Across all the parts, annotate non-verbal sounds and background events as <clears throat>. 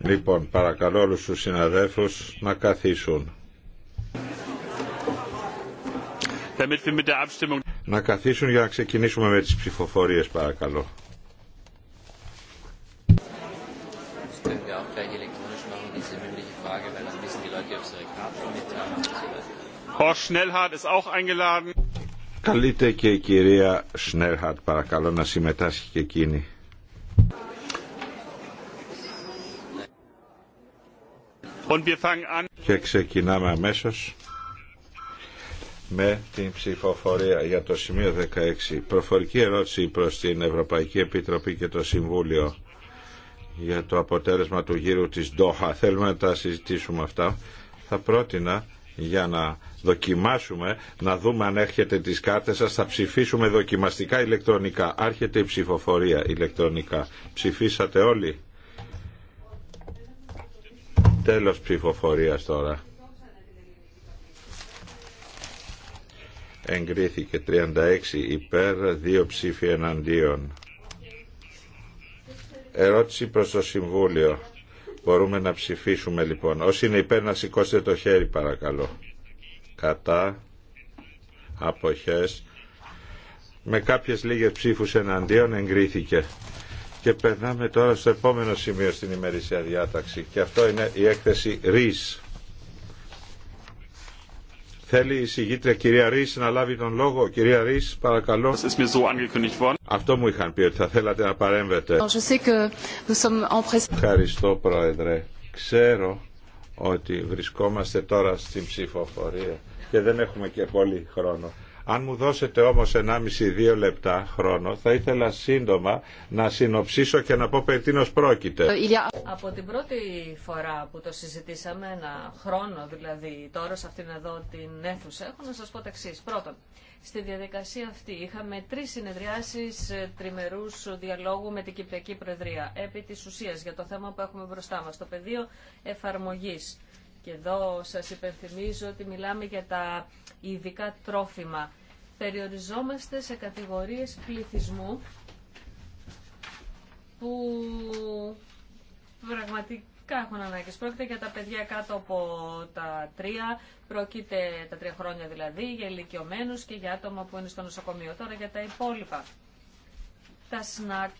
Λοιπόν, παρακαλώ όλους τους συναδέλφους να καθίσουν. Να καθίσουν για να ξεκινήσουμε με τις ψηφοφορίες, παρακαλώ. Καλείται και η κυρία Σνέλχαρτ, παρακαλώ να συμμετάσχει και εκείνη. Και ξεκινάμε αμέσως με την ψηφοφορία για το σημείο 16. Προφορική ερώτηση προς την Ευρωπαϊκή Επιτροπή και το Συμβούλιο για το αποτέλεσμα του γύρου της Ντόχα. Θέλουμε να τα συζητήσουμε αυτά. Θα πρότεινα για να δοκιμάσουμε, να δούμε αν έρχεται τις κάρτες σας. Θα ψηφίσουμε δοκιμαστικά ηλεκτρονικά. Άρχεται η ψηφοφορία ηλεκτρονικά. Ψηφίσατε όλοι. Τέλος ψηφοφορίας τώρα. Εγκρίθηκε 36 υπέρ, 2 ψήφοι εναντίον. Ερώτηση προς το Συμβούλιο. Μπορούμε να ψηφίσουμε λοιπόν. Όσοι είναι υπέρ να σηκώσετε το χέρι παρακαλώ. Κατά αποχές με κάποιες λίγες ψήφους εναντίον εγκρίθηκε. Και περνάμε τώρα στο επόμενο σημείο στην ημερήσια διάταξη και αυτό είναι η έκθεση ΡΙΣ. Θέλει η συγγήτρια κυρία Ρης να λάβει τον λόγο. Κυρία Ρης, παρακαλώ. Αυτό μου είχαν πει ότι θα θέλατε να παρέμβετε. Ευχαριστώ Πρόεδρε. Ξέρω ότι βρισκόμαστε τώρα στην ψηφοφορία και δεν έχουμε και πολύ χρόνο. Αν μου δώσετε όμως 1,5-2 λεπτά χρόνο, θα ήθελα σύντομα να συνοψίσω και να πω περί τίνος πρόκειται. Ε, Από την πρώτη φορά που το συζητήσαμε, ένα χρόνο δηλαδή τώρα σε αυτήν εδώ την αίθουσα, έχω να σας πω τα εξής. Πρώτον, στη διαδικασία αυτή είχαμε τρεις συνεδριάσεις ε, τριμερούς διαλόγου με την Κυπριακή Προεδρία, επί της ουσίας για το θέμα που έχουμε μπροστά μας, το πεδίο εφαρμογής και εδώ σας υπενθυμίζω ότι μιλάμε για τα ειδικά τρόφιμα. Περιοριζόμαστε σε κατηγορίες πληθυσμού που πραγματικά έχουν ανάγκες. Πρόκειται για τα παιδιά κάτω από τα τρία, πρόκειται τα τρία χρόνια δηλαδή, για ηλικιωμένους και για άτομα που είναι στο νοσοκομείο. Τώρα για τα υπόλοιπα. Τα σνακ,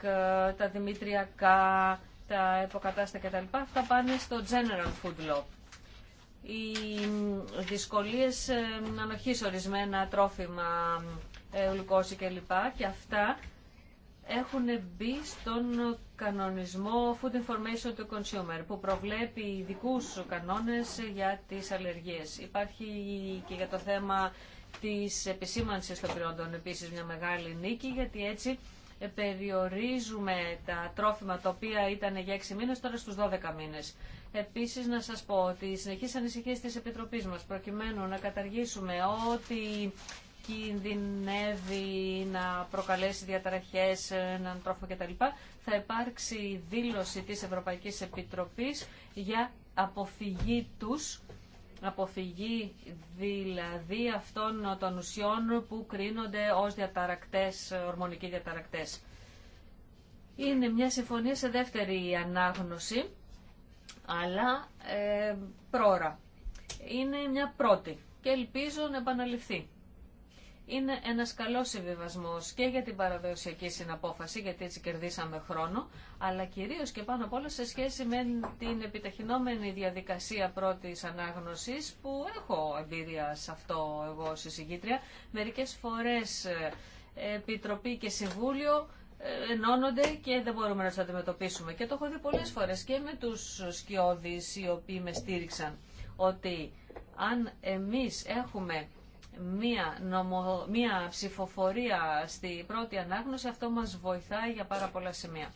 τα δημητριακά, τα υποκατάστα κτλ. θα πάνε στο General Food Law οι δυσκολίες ε, ανοχής ορισμένα τρόφιμα, ε, γλυκόση κλπ. Και αυτά έχουν μπει στον κανονισμό Food Information to Consumer που προβλέπει ειδικού κανόνες για τις αλλεργίες. Υπάρχει και για το θέμα της επισήμανσης των πυροντών επίσης μια μεγάλη νίκη γιατί έτσι περιορίζουμε τα τρόφιμα τα οποία ήταν για 6 μήνες, τώρα στους 12 μήνες. Επίσης να σας πω ότι οι συνεχείς ανησυχίες της Επιτροπής μας προκειμένου να καταργήσουμε ό,τι κινδυνεύει να προκαλέσει διαταραχές, έναν τρόφο κτλ. Θα υπάρξει δήλωση της Ευρωπαϊκής Επιτροπής για αποφυγή τους Αποφυγή δηλαδή αυτών των ουσιών που κρίνονται ως διαταρακτές, ορμονικοί διαταρακτές. Είναι μια συμφωνία σε δεύτερη ανάγνωση, αλλά ε, πρόωρα. Είναι μια πρώτη και ελπίζω να επαναληφθεί είναι ένα καλό συμβιβασμό και για την παραδοσιακή συναπόφαση, γιατί έτσι κερδίσαμε χρόνο, αλλά κυρίως και πάνω απ' όλα σε σχέση με την επιταχυνόμενη διαδικασία πρώτη ανάγνωση που έχω εμπειρία σε αυτό εγώ ω εισηγήτρια. Μερικές φορές ε, Επιτροπή και Συμβούλιο ε, ενώνονται και δεν μπορούμε να του αντιμετωπίσουμε. Και το έχω δει πολλέ φορέ και με του σκιώδει οι οποίοι με στήριξαν ότι αν εμείς έχουμε μία, νομο, μία ψηφοφορία στη πρώτη ανάγνωση, αυτό μας βοηθάει για πάρα πολλά σημεία.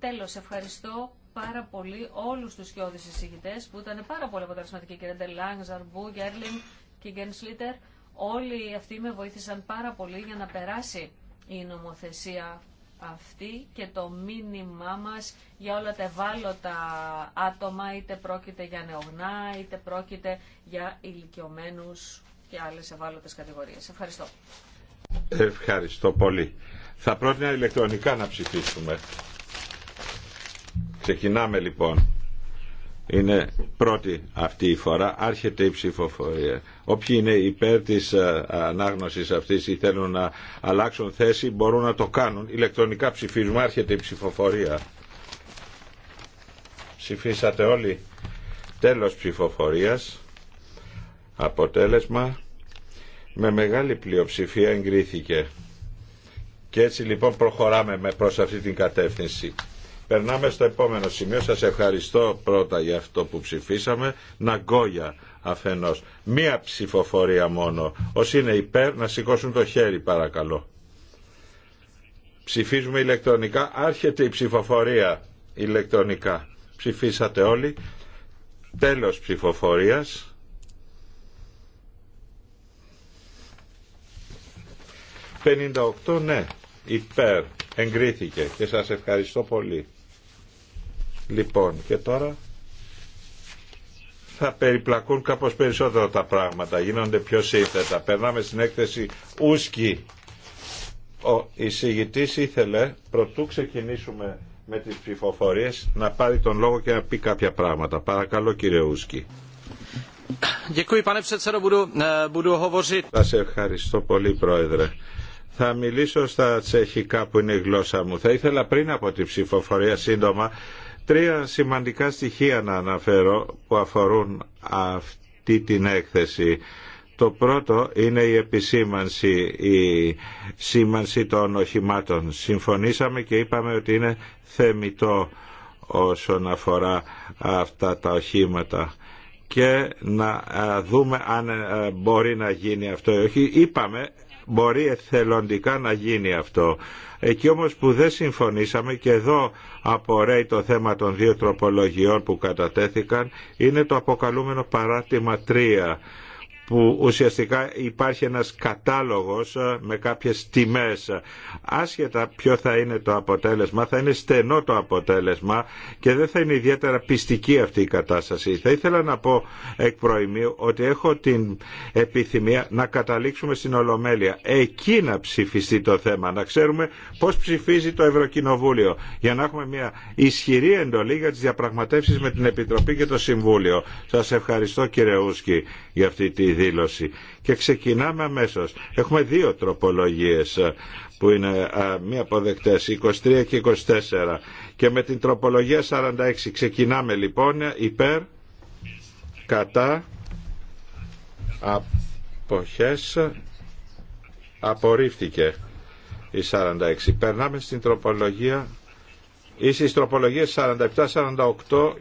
Τέλος, ευχαριστώ πάρα πολύ όλους τους σκιώδεις εισηγητές που ήταν πάρα πολύ αποτελεσματικοί, κύριε Ντελάγ, Ζαρμπού, Γκέρλιν και Γκέν Όλοι αυτοί με βοήθησαν πάρα πολύ για να περάσει η νομοθεσία αυτή και το μήνυμά μας για όλα τα ευάλωτα άτομα, είτε πρόκειται για νεογνά, είτε πρόκειται για ηλικιωμένους και άλλες ευάλωτες κατηγορίες. Ευχαριστώ. Ευχαριστώ πολύ. Θα πρότεινα ηλεκτρονικά να ψηφίσουμε. Ξεκινάμε λοιπόν. Είναι πρώτη αυτή η φορά, άρχεται η ψηφοφορία. Όποιοι είναι υπέρ της ε, ανάγνωσης αυτής ή θέλουν να αλλάξουν θέση μπορούν να το κάνουν. Ηλεκτρονικά ψηφίζουμε, άρχεται η ψηφοφορία. Ψηφίσατε όλοι. Τέλος ψηφοφορίας. Αποτέλεσμα με μεγάλη πλειοψηφία εγκρίθηκε. Και έτσι λοιπόν προχωράμε με προς αυτή την κατεύθυνση. Περνάμε στο επόμενο σημείο. Σας ευχαριστώ πρώτα για αυτό που ψηφίσαμε. Ναγκόγια αφενός. Μία ψηφοφορία μόνο. Όσοι είναι υπέρ να σηκώσουν το χέρι παρακαλώ. Ψηφίζουμε ηλεκτρονικά. Άρχεται η ψηφοφορία ηλεκτρονικά. Ψηφίσατε όλοι. Τέλος ψηφοφορίας. 58 ναι, υπέρ, εγκρίθηκε και σας ευχαριστώ πολύ. Λοιπόν, και τώρα θα περιπλακούν κάπως περισσότερο τα πράγματα, γίνονται πιο σύνθετα. Περνάμε στην έκθεση Ούσκι. Ο εισηγητής ήθελε, προτού ξεκινήσουμε με τις ψηφοφορίες, να πάρει τον λόγο και να πει κάποια πράγματα. Παρακαλώ κύριε Ούσκι. Eh, σε ευχαριστώ πολύ πρόεδρε. Θα μιλήσω στα τσεχικά που είναι η γλώσσα μου. Θα ήθελα πριν από τη ψηφοφορία σύντομα τρία σημαντικά στοιχεία να αναφέρω που αφορούν αυτή την έκθεση. Το πρώτο είναι η επισήμανση, η σήμανση των οχημάτων. Συμφωνήσαμε και είπαμε ότι είναι θεμητό όσον αφορά αυτά τα οχήματα και να δούμε αν ε, μπορεί να γίνει αυτό ή όχι. Είπαμε μπορεί εθελοντικά να γίνει αυτό. Εκεί όμως που δεν συμφωνήσαμε και εδώ απορρέει το θέμα των δύο τροπολογιών που κατατέθηκαν είναι το αποκαλούμενο παράτημα 3 που ουσιαστικά υπάρχει ένας κατάλογος ε, με κάποιες τιμές. Άσχετα ποιο θα είναι το αποτέλεσμα, θα είναι στενό το αποτέλεσμα και δεν θα είναι ιδιαίτερα πιστική αυτή η κατάσταση. Θα ήθελα να πω εκ προημίου ότι έχω την επιθυμία να καταλήξουμε στην Ολομέλεια. Εκεί να ψηφιστεί το θέμα, να ξέρουμε πώς ψηφίζει το Ευρωκοινοβούλιο για να έχουμε μια ισχυρή εντολή για τις διαπραγματεύσεις με την Επιτροπή και το Συμβούλιο. Σας ευχαριστώ κύριε για αυτή τη δήλωση. Και ξεκινάμε αμέσω. Έχουμε δύο τροπολογίες ε, που είναι ε, μη αποδεκτέ, 23 και 24. Και με την τροπολογία 46 ξεκινάμε λοιπόν υπέρ, κατά, αποχές, απορρίφθηκε η 46. Περνάμε στην τροπολογία ή στις τροπολογίες 47, 48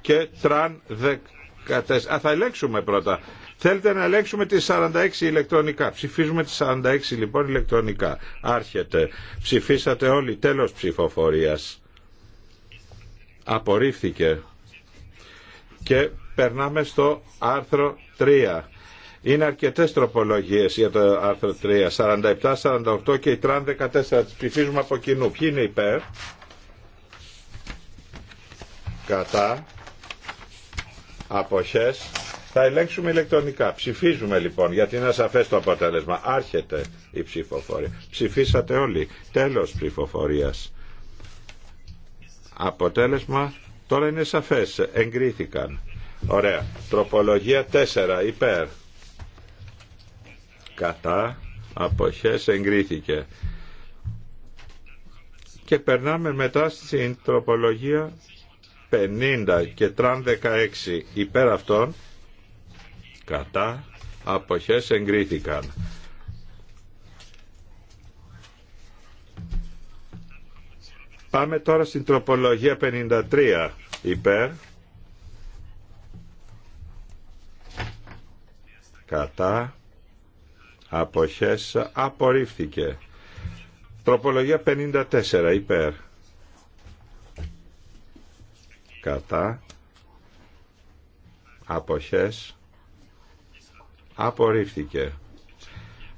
και τραν 14. Α, θα ελέγξουμε πρώτα Θέλετε να ελέγξουμε τις 46 ηλεκτρονικά. Ψηφίζουμε τις 46 λοιπόν ηλεκτρονικά. Άρχεται. Ψηφίσατε όλοι. Τέλος ψηφοφορίας. Απορρίφθηκε. Και περνάμε στο άρθρο 3. Είναι αρκετές τροπολογίες για το άρθρο 3. 47, 48 και η τραν 14. Τις ψηφίζουμε από κοινού. Ποιοι είναι υπέρ. Κατά. Αποχές θα ελέγξουμε ηλεκτρονικά. Ψηφίζουμε λοιπόν, γιατί είναι σαφέ το αποτέλεσμα. Άρχεται η ψηφοφορία. Ψηφίσατε όλοι. Τέλος ψηφοφορίας. Αποτέλεσμα τώρα είναι σαφέ. Εγκρίθηκαν. Ωραία. Τροπολογία 4. Υπέρ. Κατά. αποχέ εγκρίθηκε. Και περνάμε μετά στην τροπολογία 50 και τραν 16 υπέρ αυτών κατά, αποχές εγκρίθηκαν. Πάμε τώρα στην τροπολογία 53 υπέρ, κατά, αποχές απορρίφθηκε. Τροπολογία 54 υπέρ, κατά, αποχές Απορρίφθηκε.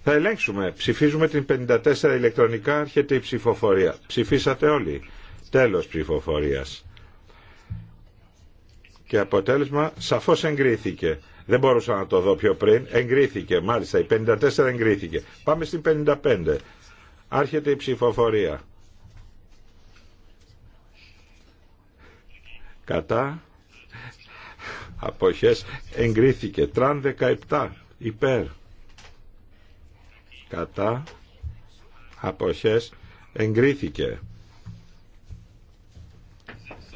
Θα ελέγξουμε. Ψηφίζουμε την 54 ηλεκτρονικά. Έρχεται η ψηφοφορία. Ψηφίσατε όλοι. Τέλος ψηφοφορίας. Και αποτέλεσμα σαφώς εγκρίθηκε. Δεν μπορούσα να το δω πιο πριν. Εγκρίθηκε. Μάλιστα η 54 εγκρίθηκε. Πάμε στην 55. Άρχεται η ψηφοφορία. Κατά. Αποχές εγκρίθηκε. Τραν 17 υπέρ κατά αποχές εγκρίθηκε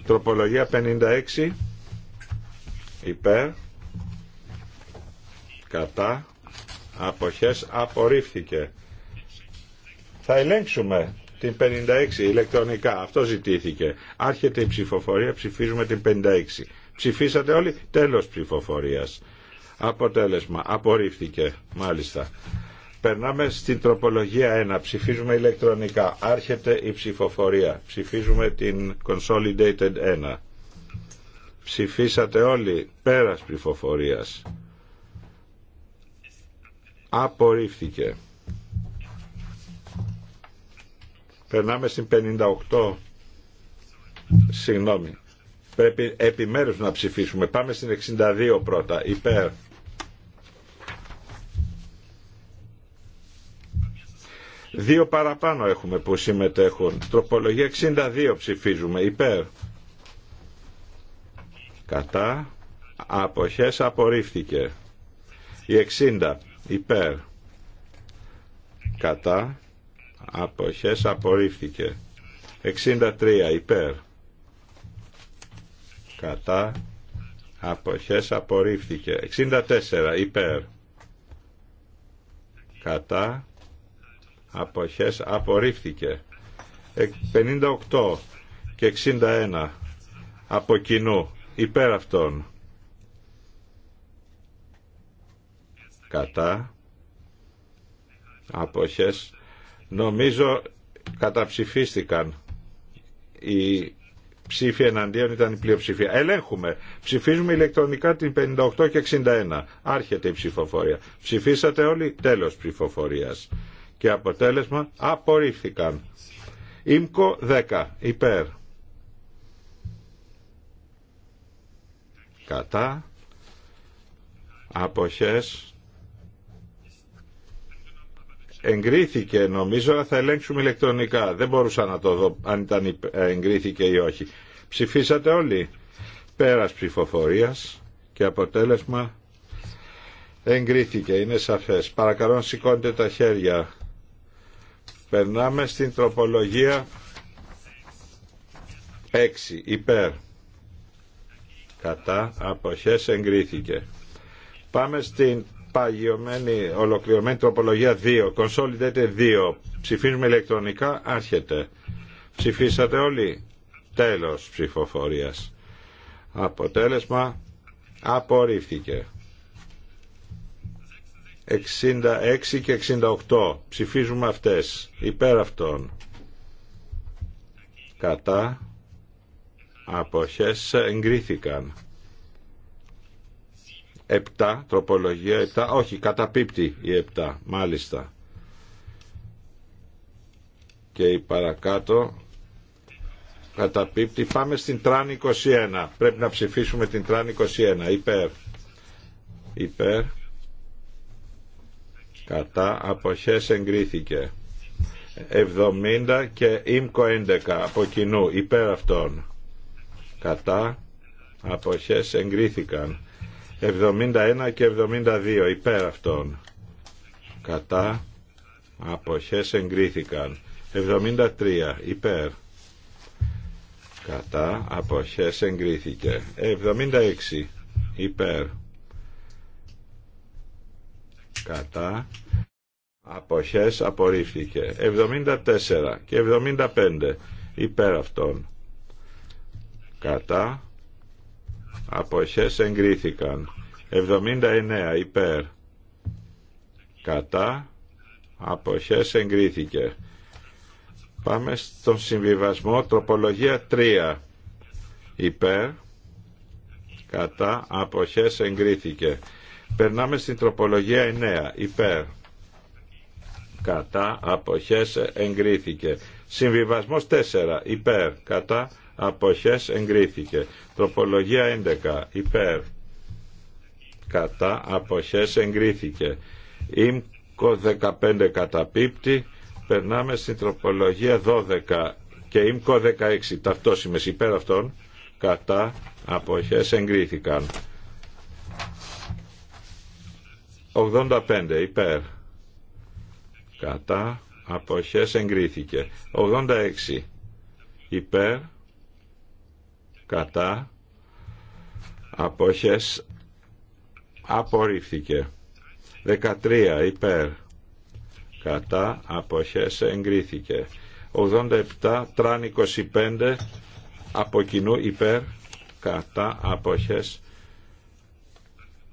τροπολογία 56 υπέρ κατά αποχές απορρίφθηκε θα ελέγξουμε την 56 ηλεκτρονικά αυτό ζητήθηκε άρχεται η ψηφοφορία ψηφίζουμε την 56 ψηφίσατε όλοι τέλος ψηφοφορίας Αποτέλεσμα. Απορρίφθηκε. Μάλιστα. Περνάμε στην τροπολογία 1. Ψηφίζουμε ηλεκτρονικά. Άρχεται η ψηφοφορία. Ψηφίζουμε την Consolidated 1. Ψηφίσατε όλοι πέρας ψηφοφορίας. Απορρίφθηκε. Περνάμε στην 58. Συγγνώμη. Πρέπει επιμέρους να ψηφίσουμε. Πάμε στην 62 πρώτα. Υπέρ. Δύο παραπάνω έχουμε που συμμετέχουν. Τροπολογία 62 ψηφίζουμε. Υπέρ. Κατά. Αποχές απορρίφθηκε. Η 60. Υπέρ. Κατά. Αποχές απορρίφθηκε. 63. Υπέρ. Κατά. Αποχές απορρίφθηκε. 64. Υπέρ. Κατά αποχές απορρίφθηκε 58 και 61 από κοινού υπέρ αυτών κατά αποχές νομίζω καταψηφίστηκαν οι ψήφοι εναντίον ήταν η πλειοψηφία ελέγχουμε ψηφίζουμε ηλεκτρονικά την 58 και 61 άρχεται η ψηφοφορία ψηφίσατε όλοι τέλος ψηφοφορίας και αποτέλεσμα απορρίφθηκαν. Ήμκο 10 υπέρ. Κατά αποχές εγκρίθηκε νομίζω θα ελέγξουμε ηλεκτρονικά δεν μπορούσα να το δω αν ήταν ε, εγκρίθηκε ή όχι ψηφίσατε όλοι πέρας ψηφοφορίας και αποτέλεσμα εγκρίθηκε είναι σαφές παρακαλώ σηκώντε τα χέρια Περνάμε στην τροπολογία 6 υπέρ κατά αποχές εγκρίθηκε. Πάμε στην παγιωμένη, ολοκληρωμένη τροπολογία 2, Consolidated 2. Ψηφίζουμε ηλεκτρονικά, άρχεται. Ψηφίσατε όλοι, τέλος ψηφοφορίας. Αποτέλεσμα απορρίφθηκε. 66 και 68. Ψηφίζουμε αυτές. Υπέρ αυτών. Κατά. Αποχές εγκρίθηκαν. 7. Τροπολογία 7. Όχι, καταπίπτει η 7. Μάλιστα. Και η παρακάτω καταπίπτει. Πάμε στην τράν 21. Πρέπει να ψηφίσουμε την τράν 21. Υπέρ. Υπέρ κατά αποχές εγκρίθηκε 70 και ΙΜΚΟ 11 από κοινού υπέρ αυτών κατά αποχές εγκρίθηκαν 71 και 72 υπέρ αυτών κατά αποχές εγκρίθηκαν 73 υπέρ κατά αποχές εγκρίθηκε 76 υπέρ κατά αποχές απορρίφθηκε 74 και 75 υπέρ αυτών κατά αποχές εγκρίθηκαν 79 υπέρ κατά αποχές εγκρίθηκε πάμε στον συμβιβασμό τροπολογία 3 υπέρ κατά αποχές εγκρίθηκε Περνάμε στην τροπολογία 9. Υπέρ. Κατά. Αποχές. Εγκρίθηκε. Συμβιβασμός 4. Υπέρ. Κατά. Αποχές. Εγκρίθηκε. Τροπολογία 11. Υπέρ. Κατά. Αποχές. Εγκρίθηκε. Ήμκο 15 καταπίπτει. Περνάμε στην τροπολογία 12 και ΙΜΚΟ 16 ταυτόσημες υπέρ αυτών κατά αποχές εγκρίθηκαν. 85 υπέρ κατά αποχές εγκρίθηκε 86 υπέρ κατά αποχές απορρίφθηκε 13 υπέρ κατά αποχές εγκρίθηκε 87 τραν 25 από κοινού υπέρ κατά αποχές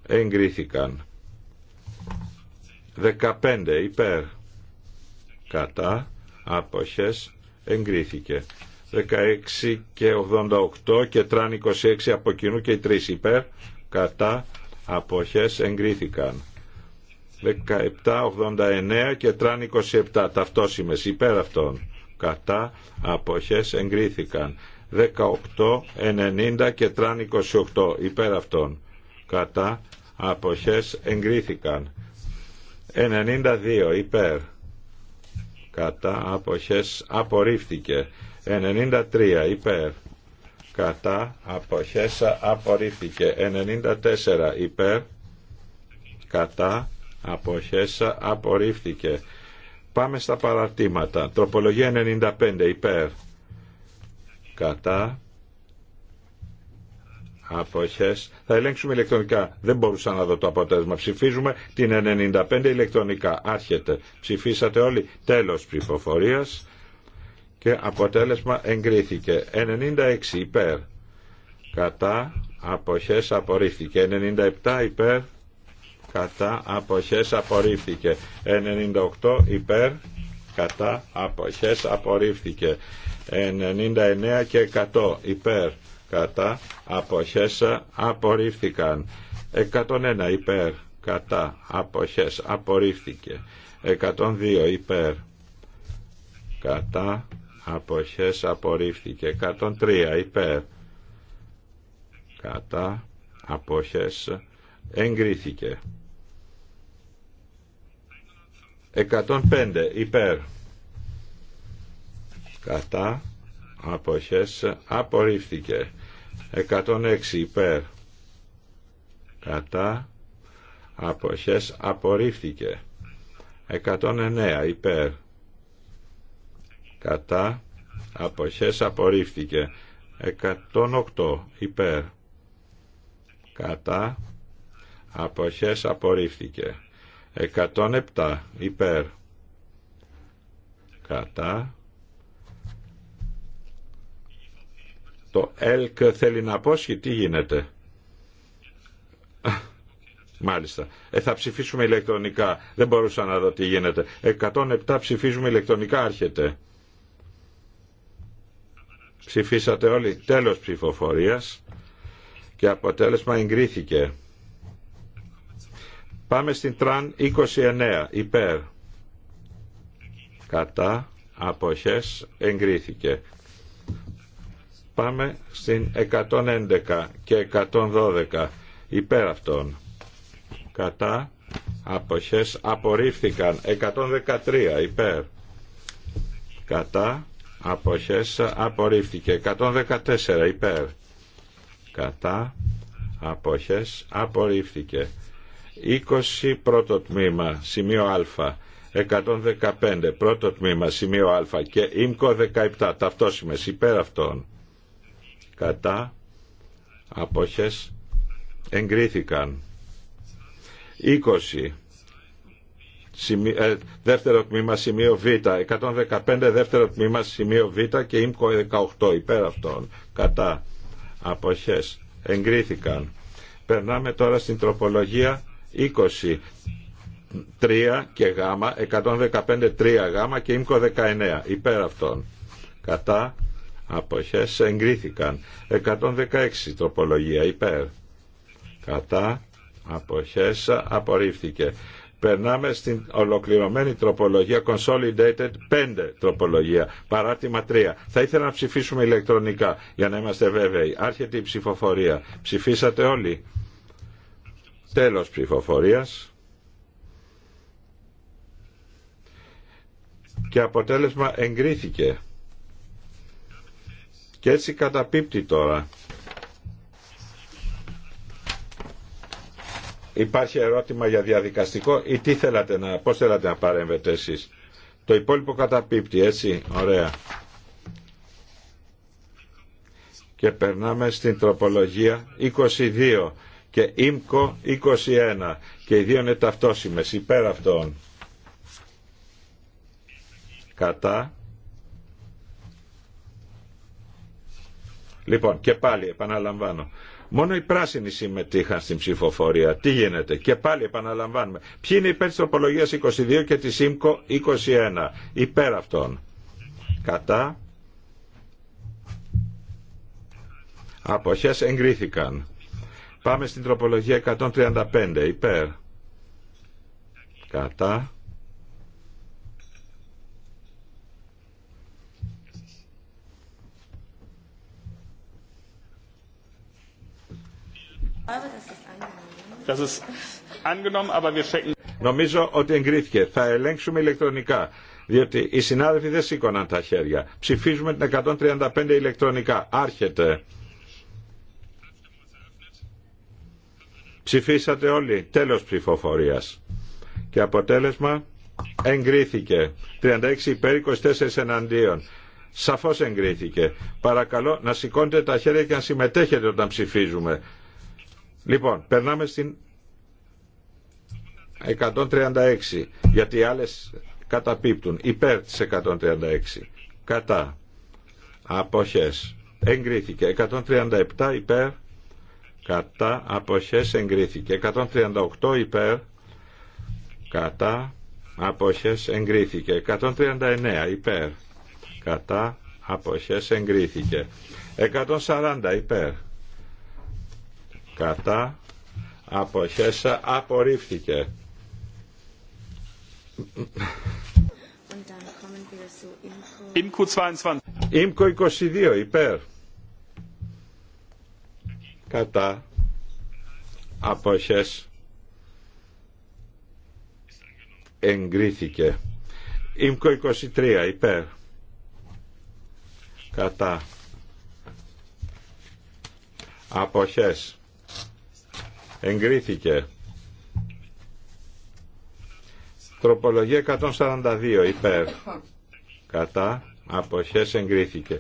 εγκρίθηκαν 15 υπέρ κατά αποχές εγκρίθηκε 16 και 88 και τραν 26 από κοινού και 3 υπέρ κατά αποχές εγκρίθηκαν 17, 89 και τραν 27 ταυτόσιμες υπέρ αυτών κατά αποχές εγκρίθηκαν 18, 90 και τραν 28 υπέρ αυτών κατά αποχές εγκρίθηκαν 92 υπέρ κατά αποχές απορρίφθηκε 93 υπέρ κατά αποχές απορρίφθηκε 94 υπέρ κατά αποχές απορρίφθηκε πάμε στα παραρτήματα τροπολογία 95 υπέρ κατά αποχές θα ελέγξουμε ηλεκτρονικά. Δεν μπορούσα να δω το αποτέλεσμα. Ψηφίζουμε την 95 ηλεκτρονικά. Άρχεται. Ψηφίσατε όλοι. Τέλος ψηφοφορία και αποτέλεσμα εγκρίθηκε. 96 υπέρ. Κατά αποχές απορρίφθηκε. 97 υπέρ. Κατά αποχές απορρίφθηκε. 98 υπέρ. Κατά αποχές απορρίφθηκε. 99 και 100 υπέρ κατά απόχέσα απορρίφθηκαν 101 υπέρ κατά αποχές απορρίφθηκε 102 υπέρ κατά αποχές απορρίφθηκε 103 υπέρ κατά αποχές εγκρίθηκε 105 υπέρ κατά αποχές απορρίφθηκε 106 υπέρ κατά αποχές απορρίφθηκε 109 υπέρ κατά αποχές απορρίφθηκε 108 υπέρ κατά αποχές απορρίφθηκε 107 υπέρ κατά Το ΕΛΚ θέλει να απόσχει. Τι γίνεται. Μάλιστα. Ε, θα ψηφίσουμε ηλεκτρονικά. Δεν μπορούσα να δω τι γίνεται. 107 ψηφίζουμε ηλεκτρονικά. Άρχεται. Ψηφίσατε όλοι. Τέλος ψηφοφορίας. Και αποτέλεσμα εγκρίθηκε. Πάμε στην τραν 29. Υπέρ. Κατά. Αποχές. Εγκρίθηκε. Πάμε στην 111 και 112 υπέρ αυτών. Κατά αποχές απορρίφθηκαν 113 υπέρ. Κατά αποχές απορρίφθηκε 114 υπέρ. Κατά αποχές απορρίφθηκε 20 πρώτο τμήμα σημείο α 115 πρώτο τμήμα σημείο α και ΙΜΚΟ 17 ταυτόσημες υπέρ αυτών κατά αποχές εγκρίθηκαν 20 ε, δεύτερο τμήμα σημείο Β 115 δεύτερο τμήμα σημείο Β και ΙΜΚΟ 18 υπέρ αυτών κατά αποχές εγκρίθηκαν περνάμε τώρα στην τροπολογία 20 3 και Γ 115 3 Γ και ΙΜΚΟ 19 υπέρ αυτών κατά αποχές εγκρίθηκαν 116 τροπολογία υπέρ κατά αποχές απορρίφθηκε περνάμε στην ολοκληρωμένη τροπολογία Consolidated 5 τροπολογία παράτημα 3 θα ήθελα να ψηφίσουμε ηλεκτρονικά για να είμαστε βέβαιοι άρχεται η ψηφοφορία ψηφίσατε όλοι τέλος ψηφοφορίας και αποτέλεσμα εγκρίθηκε και έτσι καταπίπτει τώρα. Υπάρχει ερώτημα για διαδικαστικό ή τι θέλατε να, πώς θέλατε να παρέμβετε εσείς. Το υπόλοιπο καταπίπτει, έτσι, ωραία. Και περνάμε στην τροπολογία 22 και ΙΜΚΟ 21 και οι δύο είναι ταυτόσιμες υπέρ αυτών. Κατά Λοιπόν, και πάλι επαναλαμβάνω. Μόνο οι πράσινοι συμμετείχαν στην ψηφοφορία. Τι γίνεται. Και πάλι επαναλαμβάνουμε. Ποιοι είναι υπέρ της τροπολογίας 22 και της ΣΥΜΚΟ 21. Υπέρ αυτών. Κατά. Αποχές εγκρίθηκαν. Πάμε στην τροπολογία 135. Υπέρ. Κατά. Νομίζω ότι εγκρίθηκε. Θα ελέγξουμε ηλεκτρονικά. Διότι οι συνάδελφοι δεν σήκωναν τα χέρια. Ψηφίζουμε την 135 ηλεκτρονικά. Άρχεται. Ψηφίσατε όλοι. Τέλος ψηφοφορίας. Και αποτέλεσμα εγκρίθηκε. 36 υπέρ 24 εναντίον. Σαφώς εγκρίθηκε. Παρακαλώ να σηκώνετε τα χέρια και να συμμετέχετε όταν ψηφίζουμε. Λοιπόν, περνάμε στην 136, γιατί οι άλλες καταπίπτουν. Υπέρ της 136. Κατά. Αποχές. Εγκρίθηκε. 137 υπέρ. Κατά. Αποχές εγκρίθηκε. 138 υπέρ. Κατά. Αποχές εγκρίθηκε. 139 υπέρ. Κατά. Αποχές εγκρίθηκε. 140 υπέρ κατά αποχές απορρίφθηκε. Ήμκο 22. υπέρ. Κατά αποχές εγκρίθηκε. Ήμκο 23 υπέρ. Κατά αποχές εγκρίθηκε. Τροπολογία 142 υπέρ. Κατά. Αποχές εγκρίθηκε.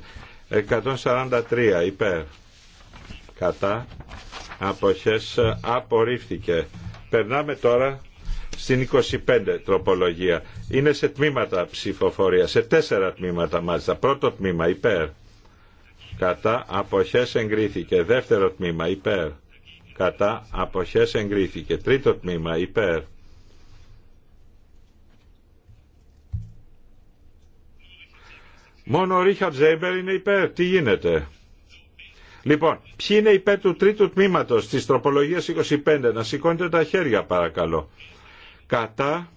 143 υπέρ. Κατά. Αποχές απορρίφθηκε. Περνάμε τώρα στην 25 τροπολογία. Είναι σε τμήματα ψηφοφορία. Σε τέσσερα τμήματα μάλιστα. Πρώτο τμήμα υπέρ. Κατά. Αποχές εγκρίθηκε. Δεύτερο τμήμα υπέρ κατά αποχές εγκρίθηκε. Τρίτο τμήμα υπέρ. Μόνο ο Ρίχαρτ Ζέιμπερ είναι υπέρ. Τι γίνεται. Λοιπόν, ποιοι είναι υπέρ του τρίτου τμήματος της τροπολογίας 25. Να σηκώνετε τα χέρια παρακαλώ. Κατά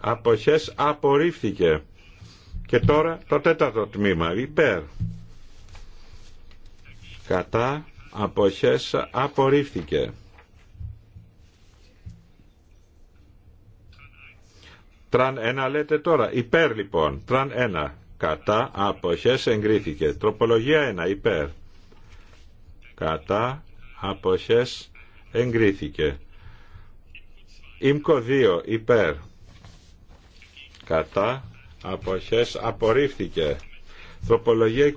αποχές απορρίφθηκε. Και τώρα το τέταρτο τμήμα. Υπέρ. Κατά αποχές απορρίφθηκε. Τραν 1 λέτε τώρα. Υπέρ λοιπόν. Τραν 1. Κατά αποχές εγκρίθηκε. Τροπολογία 1. Υπέρ. Κατά αποχές εγκρίθηκε. Ήμκο 2. Υπέρ. Κατά αποχές απορρίφθηκε. Τροπολογία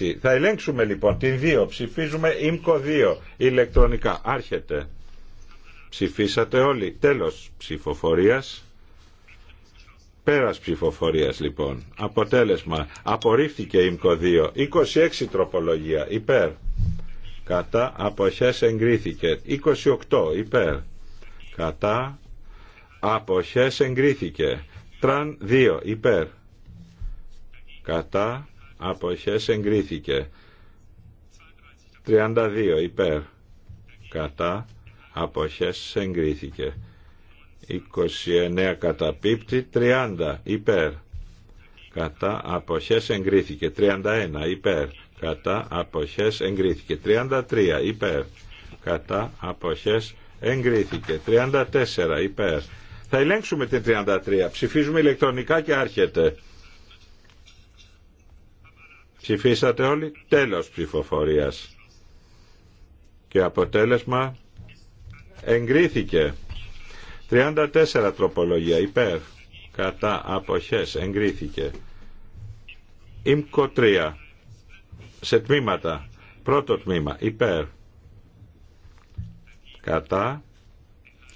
26. Θα ελέγξουμε λοιπόν την 2. Ψηφίζουμε ΙΜΚΟ 2 ηλεκτρονικά. Άρχεται. Ψηφίσατε όλοι. Τέλος ψηφοφορίας. Πέρας ψηφοφορίας λοιπόν. Αποτέλεσμα. Απορρίφθηκε ΙΜΚΟ 2. 26 τροπολογία. Υπέρ. Κατά αποχές εγκρίθηκε. 28 υπέρ. Κατά αποχές εγκρίθηκε. Τραν 2 υπέρ. Κατά αποχές εγκρίθηκε 32 υπέρ κατά αποχές εγκρίθηκε 29 καταπίπτει 30 υπέρ κατά αποχές εγκρίθηκε 31 υπέρ κατά αποχές εγκρίθηκε 33 υπέρ κατά αποχές εγκρίθηκε 34 υπέρ θα ελέγξουμε την 33 ψηφίζουμε ηλεκτρονικά και άρχεται Ψηφίσατε όλοι τέλος ψηφοφορίας. Και αποτέλεσμα εγκρίθηκε. 34 τροπολογία υπέρ κατά αποχές εγκρίθηκε. Ήμκο 3 σε τμήματα. Πρώτο τμήμα υπέρ κατά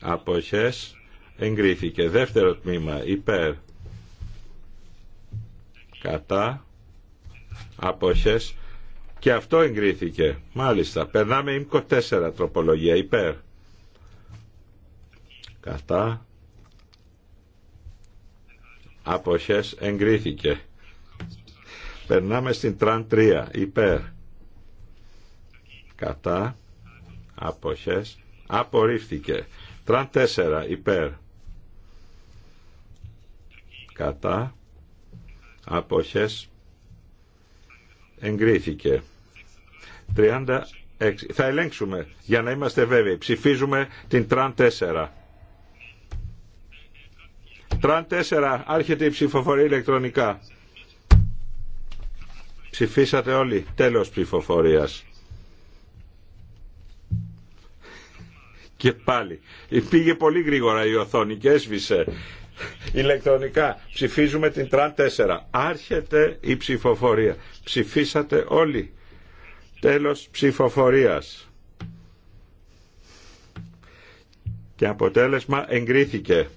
αποχές εγκρίθηκε. Δεύτερο τμήμα υπέρ κατά αποχές και αυτό εγκρίθηκε. Μάλιστα, περνάμε ΙΜΚΟ 4 τροπολογία υπέρ. Κατά αποχές εγκρίθηκε. Περνάμε στην τραν 3 υπέρ. Κατά αποχές απορρίφθηκε. Τραν 4 υπέρ. Κατά αποχές εγκρίθηκε. 36. Θα ελέγξουμε για να είμαστε βέβαιοι. Ψηφίζουμε την Τραν 4. Τραν 4. Άρχεται η ψηφοφορία ηλεκτρονικά. Ψηφίσατε όλοι. Τέλος ψηφοφορίας. Και πάλι. Πήγε πολύ γρήγορα η οθόνη και έσβησε. Ηλεκτρονικά ψηφίζουμε την Τραν 4. Άρχεται η ψηφοφορία. Ψηφίσατε όλοι. Τέλος ψηφοφορίας. Και αποτέλεσμα εγκρίθηκε.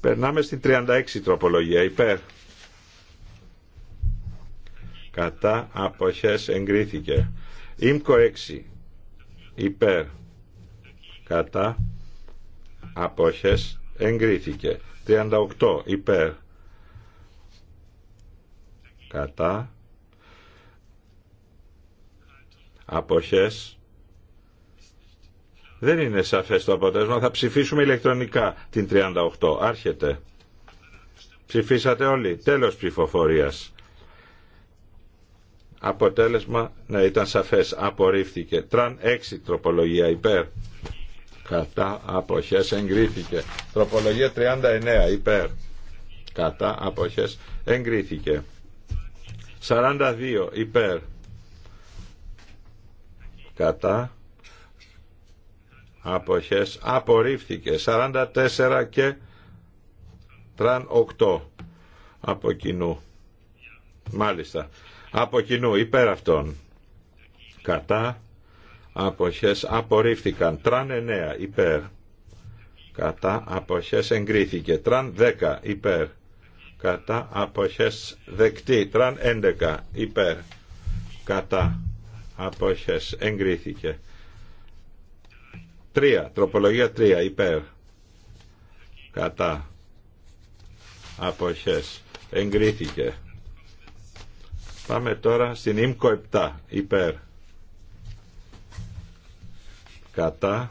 Περνάμε στην 36 τροπολογία. Υπέρ. Κατά αποχές εγκρίθηκε. Ήμκο 6. Υπέρ. Κατά απόχες εγκρίθηκε 38 υπέρ κατά απόχες δεν είναι σαφές το αποτέλεσμα θα ψηφίσουμε ηλεκτρονικά την 38 άρχεται ψηφίσατε όλοι τέλος ψηφοφορίας αποτέλεσμα να ήταν σαφές απορρίφθηκε τραν 6 τροπολογία υπέρ κατά αποχές εγκρίθηκε. Τροπολογία 39 υπέρ κατά αποχές εγκρίθηκε. 42 υπέρ κατά αποχές απορρίφθηκε. 44 και τραν 8 από κοινού. Μάλιστα. Από κοινού υπέρ αυτών. Κατά αποχές απορρίφθηκαν. Τραν 9 υπέρ. Κατά αποχές εγκρίθηκε. Τραν 10 υπέρ. Κατά αποχές δεκτή. Τραν 11 υπέρ. Κατά αποχές εγκρίθηκε. Τρία. Τροπολογία 3 υπέρ. Κατά αποχές εγκρίθηκε. Πάμε τώρα στην ΙΜΚΟ 7 υπέρ κατά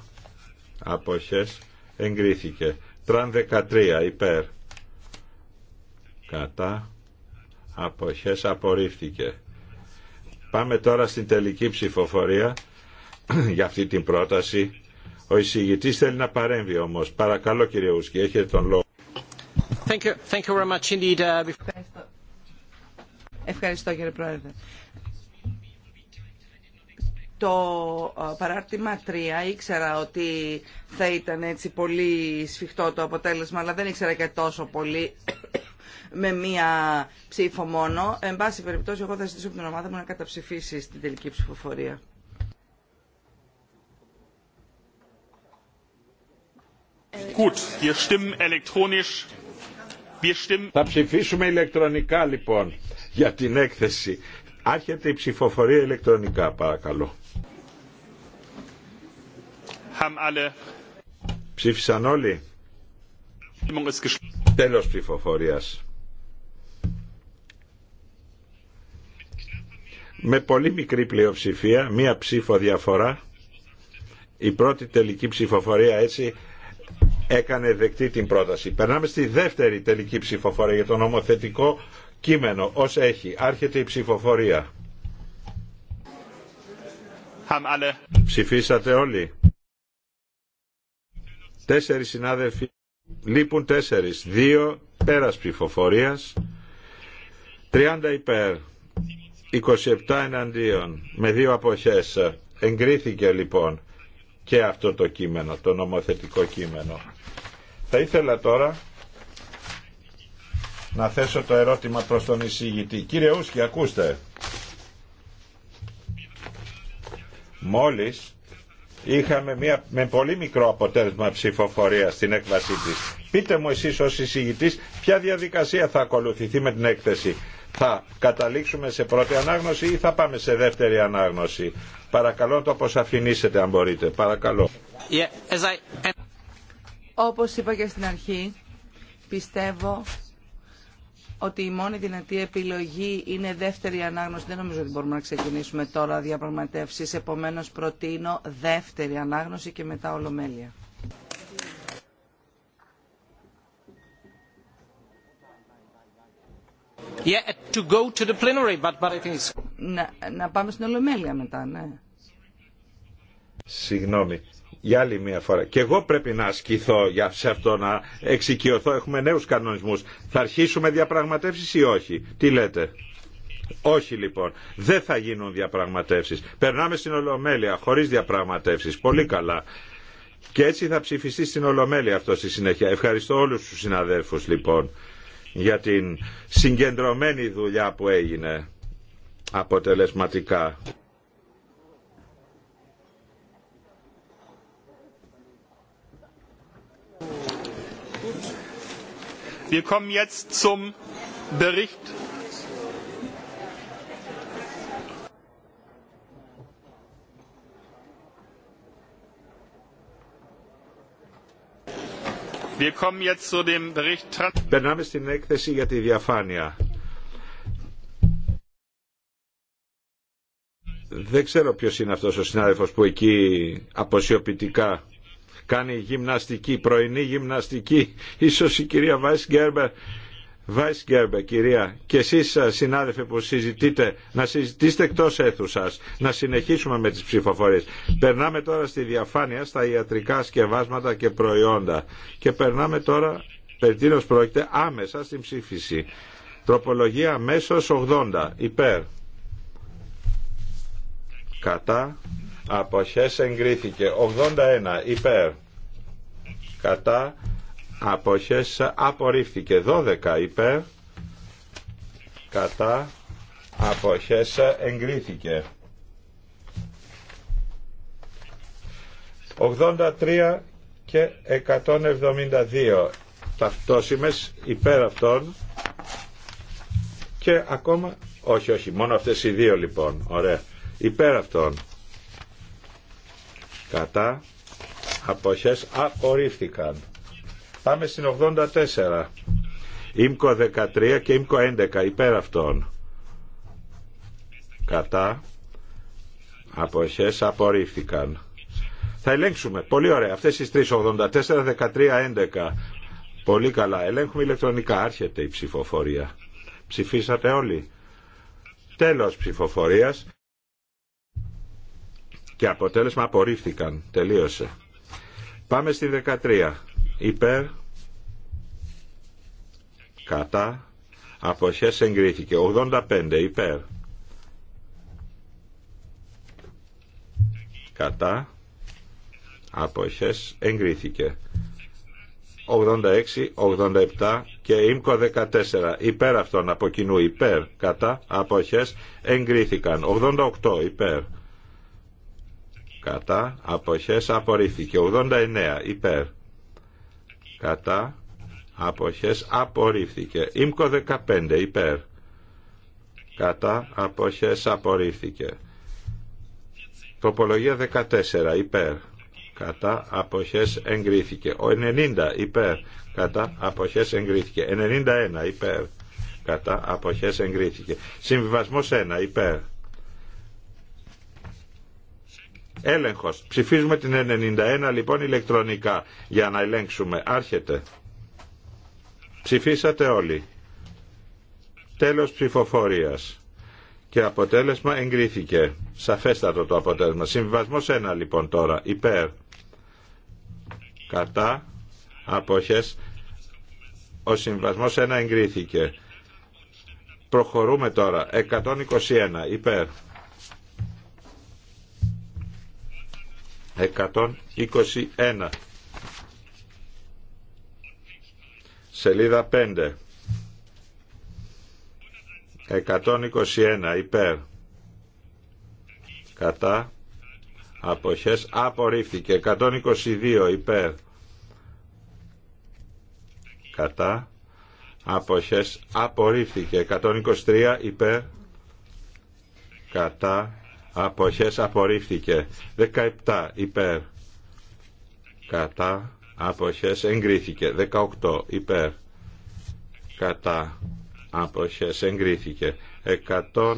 αποχές εγκρίθηκε τραν 13 υπέρ κατά αποχές απορρίφθηκε πάμε τώρα στην τελική ψηφοφορία <clears throat> για αυτή την πρόταση ο εισηγητής θέλει να παρέμβει όμως παρακαλώ κύριε Ουσκή έχετε τον λόγο Ευχαριστώ. Uh, Ευχαριστώ κύριε Πρόεδρε το ε, παράρτημα 3 ήξερα ότι θα ήταν έτσι πολύ σφιχτό το αποτέλεσμα, αλλά δεν ήξερα και τόσο πολύ <coughs> με μία ψήφο μόνο. Εν πάση περιπτώσει, εγώ θα ζητήσω από την ομάδα μου να καταψηφίσει στην τελική ψηφοφορία. Gut, wir stimmen elektronisch. Wir Θα ψηφίσουμε ηλεκτρονικά λοιπόν για την έκθεση Άρχεται η ψηφοφορία ηλεκτρονικά, παρακαλώ. Ψήφισαν όλοι. Τέλος ψηφοφορίας. Με πολύ μικρή πλειοψηφία, μία ψήφο διαφορά, η πρώτη τελική ψηφοφορία έτσι έκανε δεκτή την πρόταση. Περνάμε στη δεύτερη τελική ψηφοφορία για το νομοθετικό κείμενο ως έχει. Άρχεται η ψηφοφορία. Ψηφίσατε όλοι. Τέσσερις συνάδελφοι. Λείπουν τέσσερις. Δύο πέρας ψηφοφορίας. 30 υπέρ. 27 εναντίον. Με δύο αποχές. Εγκρίθηκε λοιπόν και αυτό το κείμενο, το νομοθετικό κείμενο. Θα ήθελα τώρα να θέσω το ερώτημα προς τον εισηγητή. Κύριε Ούσκη, ακούστε. Μόλις είχαμε μια, με πολύ μικρό αποτέλεσμα ψηφοφορία στην έκβασή της. Πείτε μου εσείς ως εισηγητής ποια διαδικασία θα ακολουθηθεί με την έκθεση. Θα καταλήξουμε σε πρώτη ανάγνωση ή θα πάμε σε δεύτερη ανάγνωση. Παρακαλώ το αφηνήσετε αν μπορείτε. Παρακαλώ. Όπως είπα και στην αρχή, πιστεύω ότι η μόνη δυνατή επιλογή είναι δεύτερη ανάγνωση. Δεν νομίζω ότι μπορούμε να ξεκινήσουμε τώρα διαπραγματεύσεις. Επομένως προτείνω δεύτερη ανάγνωση και μετά ολομέλεια. Yeah, to go to the plenary, but, but I think να, να πάμε στην ολομέλεια μετά, ναι. Συγγνώμη για άλλη μια φορά. Και εγώ πρέπει να ασκηθώ για σε αυτό να εξοικειωθώ. Έχουμε νέους κανονισμούς. Θα αρχίσουμε διαπραγματεύσεις ή όχι. Τι λέτε. Όχι λοιπόν. Δεν θα γίνουν διαπραγματεύσεις. Περνάμε στην Ολομέλεια χωρίς διαπραγματεύσεις. Πολύ καλά. Και έτσι θα ψηφιστεί στην Ολομέλεια αυτό στη συνέχεια. Ευχαριστώ όλους τους συναδέλφους λοιπόν για την συγκεντρωμένη δουλειά που έγινε αποτελεσματικά. Περνάμε στην έκθεση για τη διαφάνεια. Δεν ξέρω ποιος είναι αυτός ο συνάδελφος που εκεί αποσιωπητικά κάνει γυμναστική, πρωινή γυμναστική. Ίσως η κυρία Βάις Γκέρμπερ, Βάις Γκέρμπερ κυρία, και εσείς ε, συνάδελφοι που συζητείτε, να συζητήσετε εκτός αίθουσας, να συνεχίσουμε με τις ψηφοφορίες. Περνάμε τώρα στη διαφάνεια, στα ιατρικά σκευάσματα και προϊόντα. Και περνάμε τώρα, περί πρόκειται, άμεσα στην ψήφιση. Τροπολογία μέσος 80, υπέρ. Κατά αποχές εγκρίθηκε 81 υπέρ κατά αποχές απορρίφθηκε 12 υπέρ κατά αποχές εγκρίθηκε 83 και 172 ταυτόσιμες υπέρ αυτών και ακόμα όχι όχι μόνο αυτές οι δύο λοιπόν ωραία υπέρ αυτών κατά αποχές απορρίφθηκαν πάμε στην 84 ΙΜΚΟ 13 και ΙΜΚΟ 11 υπέρ αυτών κατά αποχές απορρίφθηκαν θα ελέγξουμε πολύ ωραία αυτές τις 3.84, 84 13 11 πολύ καλά ελέγχουμε ηλεκτρονικά άρχεται η ψηφοφορία ψηφίσατε όλοι τέλος ψηφοφορίας και αποτέλεσμα απορρίφθηκαν. Τελείωσε. Πάμε στη 13. Υπέρ, κατά, αποχές εγκρίθηκε. 85. Υπέρ, κατά, αποχές εγκρίθηκε. 86, 87 και ΙΜΚΟ 14 υπέρ αυτών από κοινού υπέρ κατά αποχές εγκρίθηκαν 88 υπέρ κατά αποχές απορρίφθηκε 89 υπέρ κατά αποχές απορρίφθηκε Ήμκο 15 υπέρ κατά αποχές απορρίφθηκε Τοπολογία 14 υπέρ κατά αποχές εγκρίθηκε ο 90 υπέρ κατά αποχές εγκρίθηκε 91 υπέρ κατά αποχές εγκρίθηκε συμβιβασμός 1 υπέρ Έλεγχος. Ψηφίζουμε την 91 λοιπόν ηλεκτρονικά για να ελέγξουμε. Άρχεται. Ψηφίσατε όλοι. Τέλος ψηφοφορίας. Και αποτέλεσμα εγκρίθηκε. Σαφέστατο το αποτέλεσμα. Συμβιβασμός 1 λοιπόν τώρα. Υπέρ. Κατά. Απόχες. Ο συμβασμός 1 εγκρίθηκε. Προχωρούμε τώρα. 121. Υπέρ. 121 σελίδα 5 121 υπέρ κατά αποχές απορρίφθηκε 122 υπέρ κατά αποχές απορρίφθηκε 123 υπέρ κατά αποχές απορρίφθηκε 17 υπέρ κατά αποχές εγκρίθηκε 18 υπέρ κατά αποχές εγκρίθηκε 100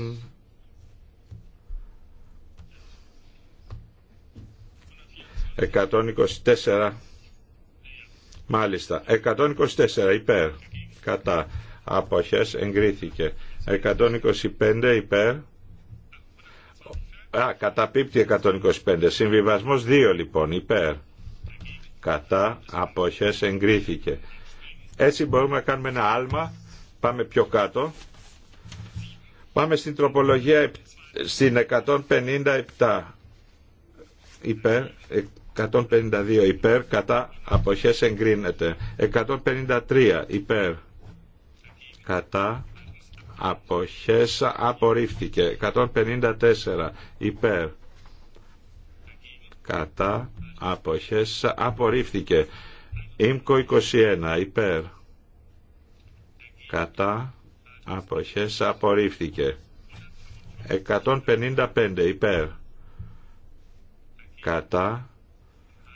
124 Μάλιστα, 124 υπέρ, κατά αποχές εγκρίθηκε. 125 υπέρ, Α, καταπίπτει 125. Συμβιβασμό 2 λοιπόν, υπέρ. Κατά αποχές εγκρίθηκε. Έτσι μπορούμε να κάνουμε ένα άλμα. Πάμε πιο κάτω. Πάμε στην τροπολογία στην 157 υπέρ, 152 υπέρ, κατά αποχές εγκρίνεται. 153 υπέρ, κατά Αποχέσα, απορρίφθηκε 154 υπέρ κατά αποχέσα, απορρίφθηκε ΙΜΚΟ 21 υπέρ κατά αποχέσα, απορρίφθηκε 155 υπέρ κατά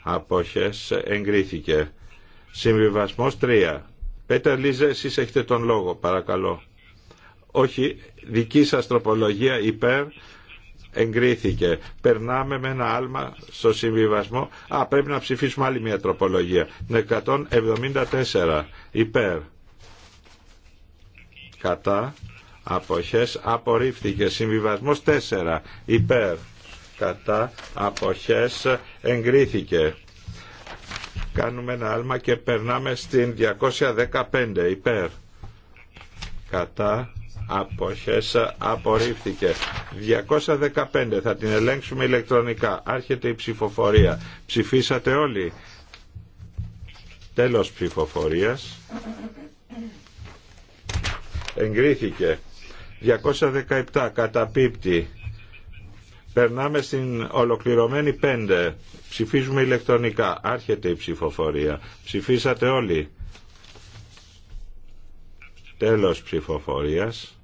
αποχές εγκρίθηκε συμβιβασμός 3 Πέτερ Λίζε εσείς έχετε τον λόγο παρακαλώ όχι, δική σας τροπολογία υπέρ εγκρίθηκε. Περνάμε με ένα άλμα στο συμβιβασμό. Α, πρέπει να ψηφίσουμε άλλη μια τροπολογία. 174 υπέρ. Κατά. Αποχές απορρίφθηκε. Συμβιβασμός 4 υπέρ. Κατά. Αποχές εγκρίθηκε. Κάνουμε ένα άλμα και περνάμε στην 215 υπέρ. Κατά αποχέσα απορρίφθηκε 215 θα την ελέγξουμε ηλεκτρονικά άρχεται η ψηφοφορία ψηφίσατε όλοι τέλος ψηφοφορίας εγκρίθηκε 217 καταπίπτει περνάμε στην ολοκληρωμένη 5 ψηφίζουμε ηλεκτρονικά άρχεται η ψηφοφορία ψηφίσατε όλοι τέλος ψηφοφορίας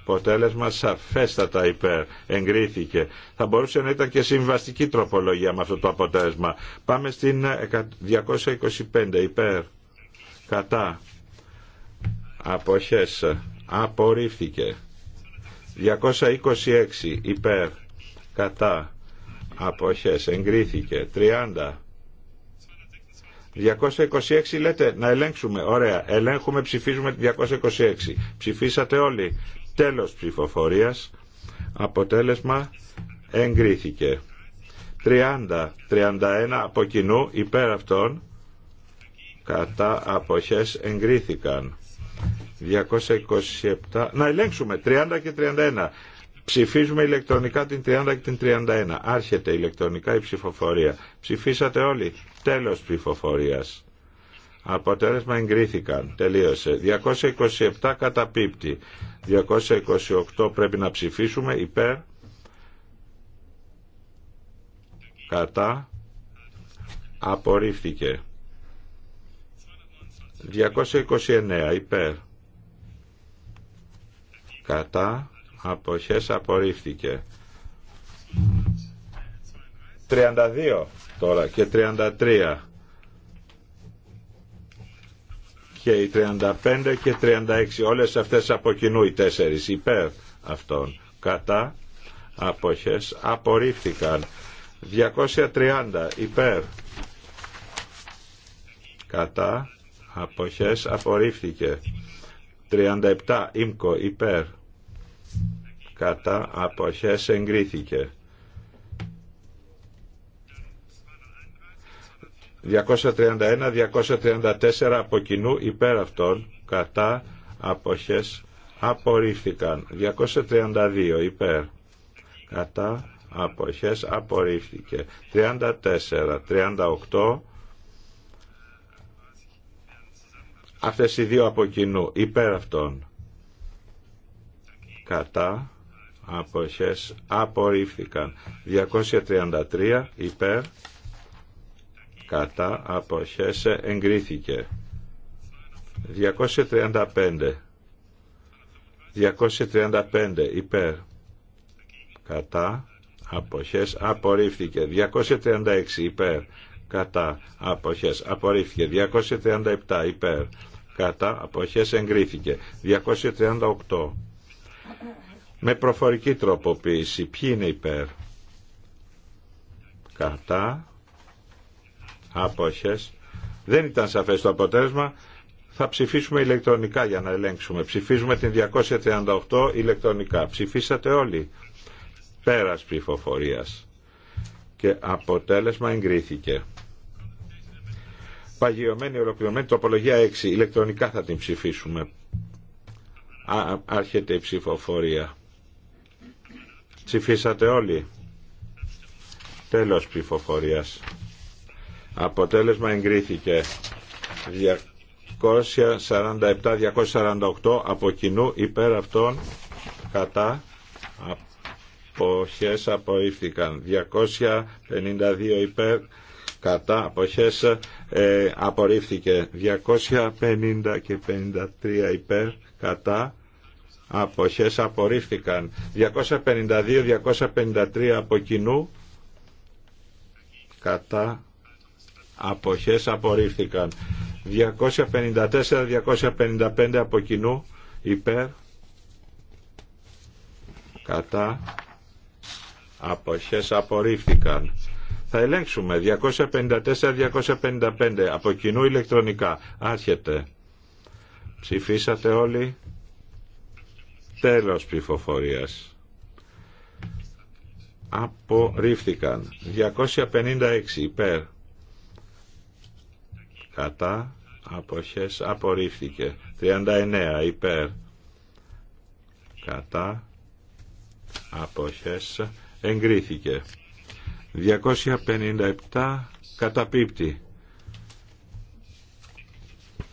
αποτέλεσμα σαφέστατα υπέρ, εγκρίθηκε. Θα μπορούσε να ήταν και συμβαστική τροπολογία με αυτό το αποτέλεσμα. Πάμε στην 225 υπέρ, κατά, αποχές, απορρίφθηκε. 226 υπέρ, κατά, αποχές, εγκρίθηκε. 30 226 λέτε να ελέγξουμε. Ωραία. Ελέγχουμε, ψηφίζουμε 226. Ψηφίσατε όλοι. Τέλος ψηφοφορίας. Αποτέλεσμα εγκρίθηκε. 30, 31 από κοινού υπέρ αυτών κατά αποχές εγκρίθηκαν. 227, να ελέγξουμε 30 και 31. Ψηφίζουμε ηλεκτρονικά την 30 και την 31. Άρχεται ηλεκτρονικά η ψηφοφορία. Ψηφίσατε όλοι. Τέλος ψηφοφορίας. Αποτέλεσμα εγκρίθηκαν. Τελείωσε. 227 καταπίπτει. 228 πρέπει να ψηφίσουμε υπέρ. Κατά. Απορρίφθηκε. 229 υπέρ. Κατά. Αποχές απορρίφθηκε. 32 τώρα και 33 και οι 35 και 36 όλες αυτές από κοινού οι τέσσερις υπέρ αυτών κατά αποχές απορρίφθηκαν 230 υπέρ κατά αποχές απορρίφθηκε 37 ΙΜΚΟ υπέρ κατά αποχές εγκρίθηκε 231-234 από κοινού υπέρ αυτών κατά αποχές απορρίφθηκαν 232 υπέρ κατά αποχές απορρίφθηκε 34 38 αυτές οι δύο από κοινού υπέρ αυτών κατά αποχές απορρίφθηκαν 233 υπέρ κατά αποχές εγκρίθηκε 235 235 υπέρ κατά αποχές απορρίφθηκε 236 υπέρ κατά αποχές απορρίφθηκε 237 υπέρ κατά αποχές εγκρίθηκε 238 με προφορική τροποποίηση ποιοι είναι υπέρ κατά αποχές δεν ήταν σαφές το αποτέλεσμα θα ψηφίσουμε ηλεκτρονικά για να ελέγξουμε ψηφίζουμε την 238 ηλεκτρονικά ψηφίσατε όλοι πέρας ψηφοφορίας και αποτέλεσμα εγκρίθηκε παγιωμένη ολοκληρωμένη τοπολογία 6 ηλεκτρονικά θα την ψηφίσουμε άρχεται η ψηφοφορία ψηφίσατε όλοι τέλος ψηφοφορίας Αποτέλεσμα εγκρίθηκε. 247-248 από κοινού υπέρ αυτών κατά αποχές απορρίφθηκαν. 252 υπέρ κατά αποχές ε, απορρίφθηκε. 250 και 53 υπέρ κατά αποχές απορρίφθηκαν. 252-253 από κοινού κατά αποχές απορρίφθηκαν 254-255 από κοινού υπέρ κατά αποχές απορρίφθηκαν θα ελέγξουμε 254-255 από κοινού ηλεκτρονικά άρχεται ψηφίσατε όλοι τέλος ψηφοφορίας απορρίφθηκαν 256 υπέρ κατά αποχές απορρίφθηκε 39 υπέρ κατά αποχές εγκρίθηκε 257 καταπίπτει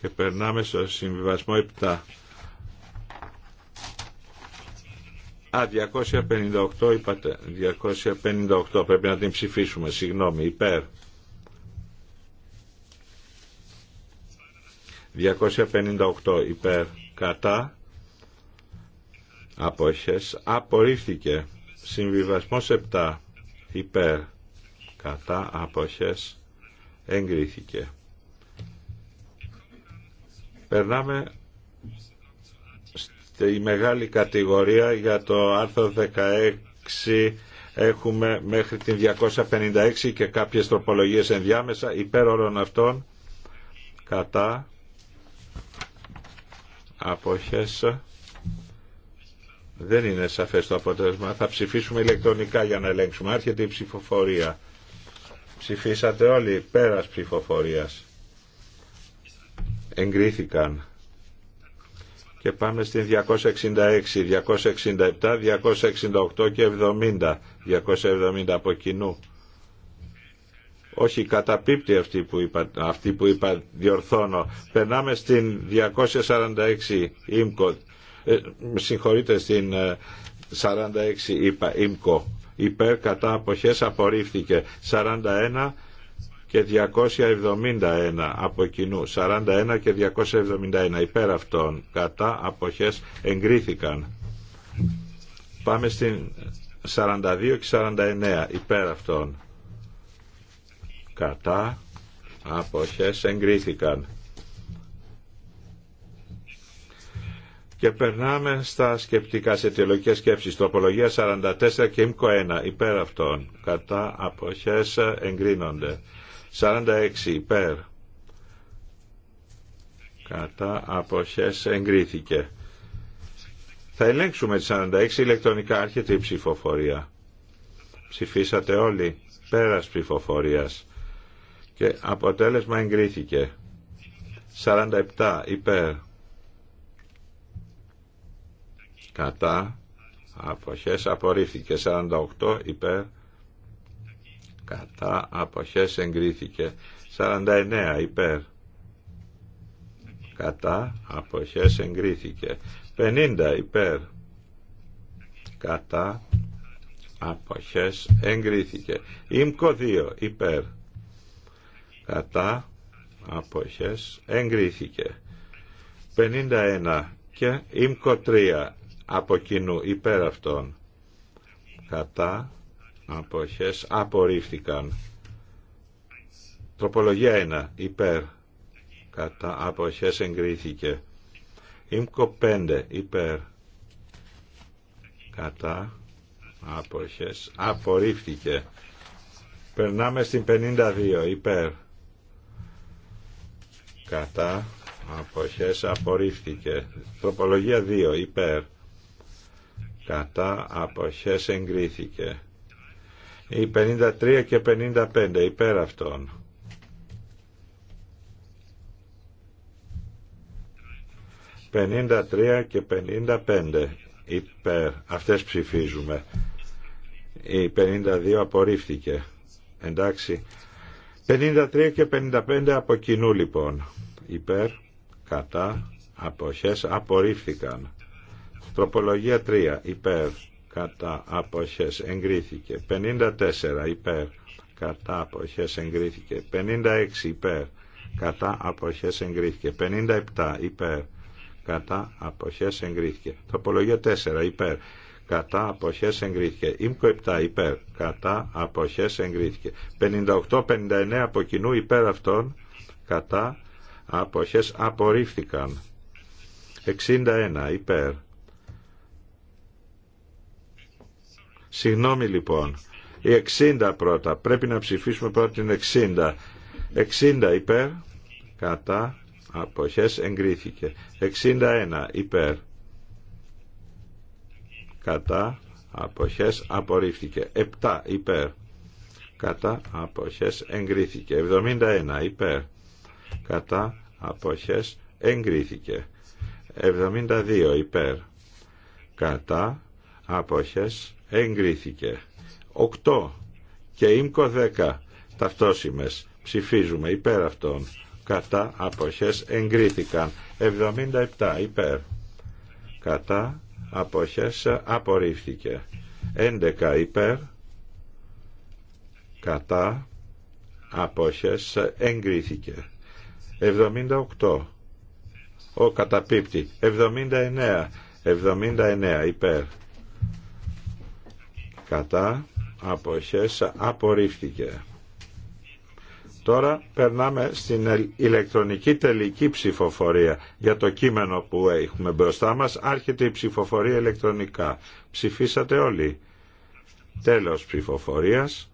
και περνάμε στο συμβιβασμό 7 Α, 258 είπατε. 258 πρέπει να την ψηφίσουμε. Συγγνώμη, υπέρ. 258 υπέρ κατά αποχές απορρίφθηκε συμβιβασμός 7 υπέρ κατά αποχές εγκρίθηκε περνάμε στη μεγάλη κατηγορία για το άρθρο 16 έχουμε μέχρι την 256 και κάποιες τροπολογίες ενδιάμεσα υπέρ όλων αυτών κατά αποχές δεν είναι σαφές το αποτέλεσμα θα ψηφίσουμε ηλεκτρονικά για να ελέγξουμε άρχεται η ψηφοφορία ψηφίσατε όλοι πέρας ψηφοφορίας εγκρίθηκαν και πάμε στην 266, 267, 268 και 70 270 από κοινού όχι, καταπίπτει αυτή που είπα, αυτή που είπα διορθώνω. Περνάμε στην 246 ΙΜΚΟ. Ε, συγχωρείτε, στην 46 ε, είπα ΙΜΚΟ. Υπέρ κατά αποχές απορρίφθηκε. 41 και 271 από κοινού. 41 και 271 υπέρ αυτών. Κατά αποχές εγκρίθηκαν. Πάμε στην 42 και 49 υπέρ αυτών κατά αποχές εγκρίθηκαν. Και περνάμε στα σκεπτικά σε αιτιολογικέ σκέψει. απολογία 44 και ΙΜΚΟ 1. Υπέρ αυτών. Κατά αποχέ εγκρίνονται. 46 υπέρ. Κατά αποχέ εγκρίθηκε. Θα ελέγξουμε τι 46 ηλεκτρονικά. Άρχεται η ψηφοφορία. Ψηφίσατε όλοι. Πέρα ψηφοφορία και αποτέλεσμα εγκρίθηκε 47 υπέρ κατά αποχές απορρίφθηκε 48 υπέρ κατά αποχές εγκρίθηκε 49 υπέρ κατά αποχές εγκρίθηκε 50 υπέρ κατά αποχές εγκρίθηκε ΗΜΚΟ 2 υπέρ κατά αποχές εγκρίθηκε 51 και ΙΜΚΟ 3 από κοινού υπέρ αυτών κατά αποχές απορρίφθηκαν τροπολογία 1 υπέρ κατά αποχές εγκρίθηκε ΙΜΚΟ 5 υπέρ κατά αποχές απορρίφθηκε περνάμε στην 52 υπέρ κατά αποχές απορρίφθηκε τροπολογία 2 υπέρ κατά αποχές εγκρίθηκε η 53 και 55 υπέρ αυτών 53 και 55 υπέρ αυτές ψηφίζουμε η 52 απορρίφθηκε εντάξει 53 και 55 από κοινού λοιπόν. Υπέρ, κατά, αποχές, απορρίφθηκαν. Τροπολογία 3. Υπέρ, κατά, αποχές, εγκρίθηκε. 54. Υπέρ, κατά, αποχές, εγκρίθηκε. 56. Υπέρ, κατά, αποχές, εγκρίθηκε. 57. Υπέρ, κατά, αποχές, εγκρίθηκε. Τροπολογία 4. Υπέρ, κατά αποχές εγκρίθηκε. Ήμκο 7 υπέρ, κατά αποχές εγκρίθηκε. 58-59 από κοινού υπέρ αυτών, κατά αποχές απορρίφθηκαν. 61 υπέρ. Συγγνώμη λοιπόν, η 60 πρώτα, πρέπει να ψηφίσουμε πρώτα την 60. 60 υπέρ, κατά αποχές εγκρίθηκε. 61 υπέρ κατά αποχές απορρίφθηκε 7 υπέρ κατά αποχές εγκρίθηκε 71 υπέρ κατά αποχές εγκρίθηκε 72 υπέρ κατά αποχές εγκρίθηκε 8 και ΙΜΚΟ 10 ταυτόσιμες ψηφίζουμε υπέρ αυτών κατά αποχές εγκρίθηκαν 77 υπέρ κατά αποχές απορρίφθηκε 11 υπέρ κατά αποχές εγκρίθηκε 78 ο καταπίπτη 79 79 υπέρ κατά αποχές απορρίφθηκε Τώρα περνάμε στην ηλεκτρονική τελική ψηφοφορία για το κείμενο που έχουμε μπροστά μας. Άρχεται η ψηφοφορία ηλεκτρονικά. Ψηφίσατε όλοι. Τέλος ψηφοφορίας.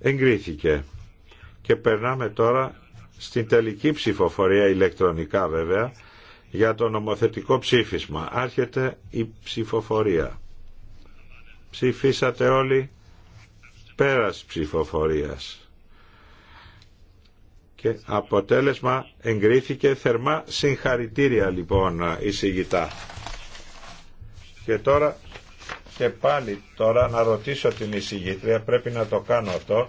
Εγκρίθηκε. Και περνάμε τώρα στην τελική ψηφοφορία ηλεκτρονικά βέβαια για το νομοθετικό ψήφισμα. Άρχεται η ψηφοφορία. Ψηφίσατε όλοι πέρας ψηφοφορίας και αποτέλεσμα εγκρίθηκε θερμά συγχαρητήρια λοιπόν εισηγητά. Και τώρα και πάλι τώρα να ρωτήσω την εισηγήτρια, πρέπει να το κάνω αυτό,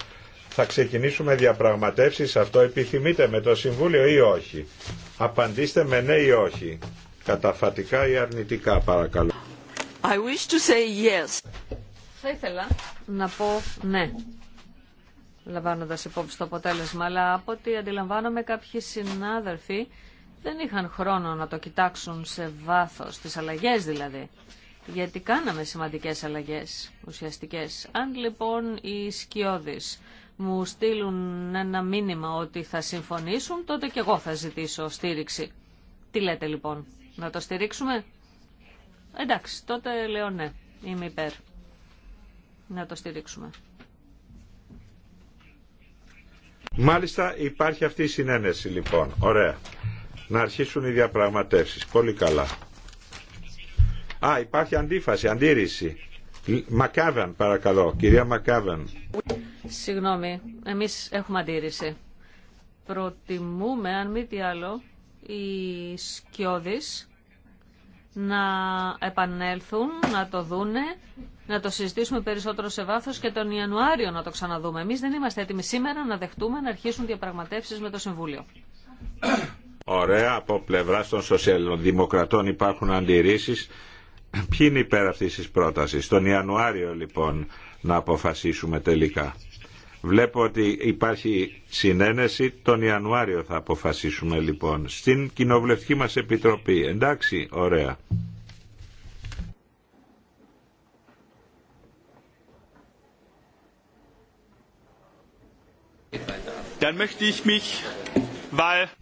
θα ξεκινήσουμε διαπραγματεύσεις αυτό, επιθυμείτε με το Συμβούλιο ή όχι. Απαντήστε με ναι ή όχι. Καταφατικά ή αρνητικά παρακαλώ. I wish to say yes. Θα ήθελα να πω ναι λαμβάνοντας υπόψη το αποτέλεσμα, αλλά από ό,τι αντιλαμβάνομαι κάποιοι συνάδελφοι δεν είχαν χρόνο να το κοιτάξουν σε βάθος, τις αλλαγές δηλαδή, γιατί κάναμε σημαντικές αλλαγές ουσιαστικές. Αν λοιπόν οι σκιώδεις μου στείλουν ένα μήνυμα ότι θα συμφωνήσουν, τότε και εγώ θα ζητήσω στήριξη. Τι λέτε λοιπόν, να το στηρίξουμε? Εντάξει, τότε λέω ναι, είμαι υπέρ. Να το στηρίξουμε. Μάλιστα υπάρχει αυτή η συνένεση λοιπόν. Ωραία. Να αρχίσουν οι διαπραγματεύσεις. Πολύ καλά. Α, υπάρχει αντίφαση, αντίρρηση. Μακάβεν, παρακαλώ. Κυρία Μακάβεν. Συγγνώμη, εμείς έχουμε αντίρρηση. Προτιμούμε, αν μη τι άλλο, οι σκιώδεις να επανέλθουν, να το δούνε, να το συζητήσουμε περισσότερο σε βάθο και τον Ιανουάριο να το ξαναδούμε. Εμείς δεν είμαστε έτοιμοι σήμερα να δεχτούμε να αρχίσουν διαπραγματεύσει με το Συμβούλιο. Ωραία, από πλευρά των σοσιαλδημοκρατών υπάρχουν αντιρρήσεις. Ποιοι είναι υπέρ αυτή τη πρόταση, Τον Ιανουάριο λοιπόν να αποφασίσουμε τελικά. Βλέπω ότι υπάρχει συνένεση. Τον Ιανουάριο θα αποφασίσουμε λοιπόν στην κοινοβουλευτική μας επιτροπή. Εντάξει, ωραία.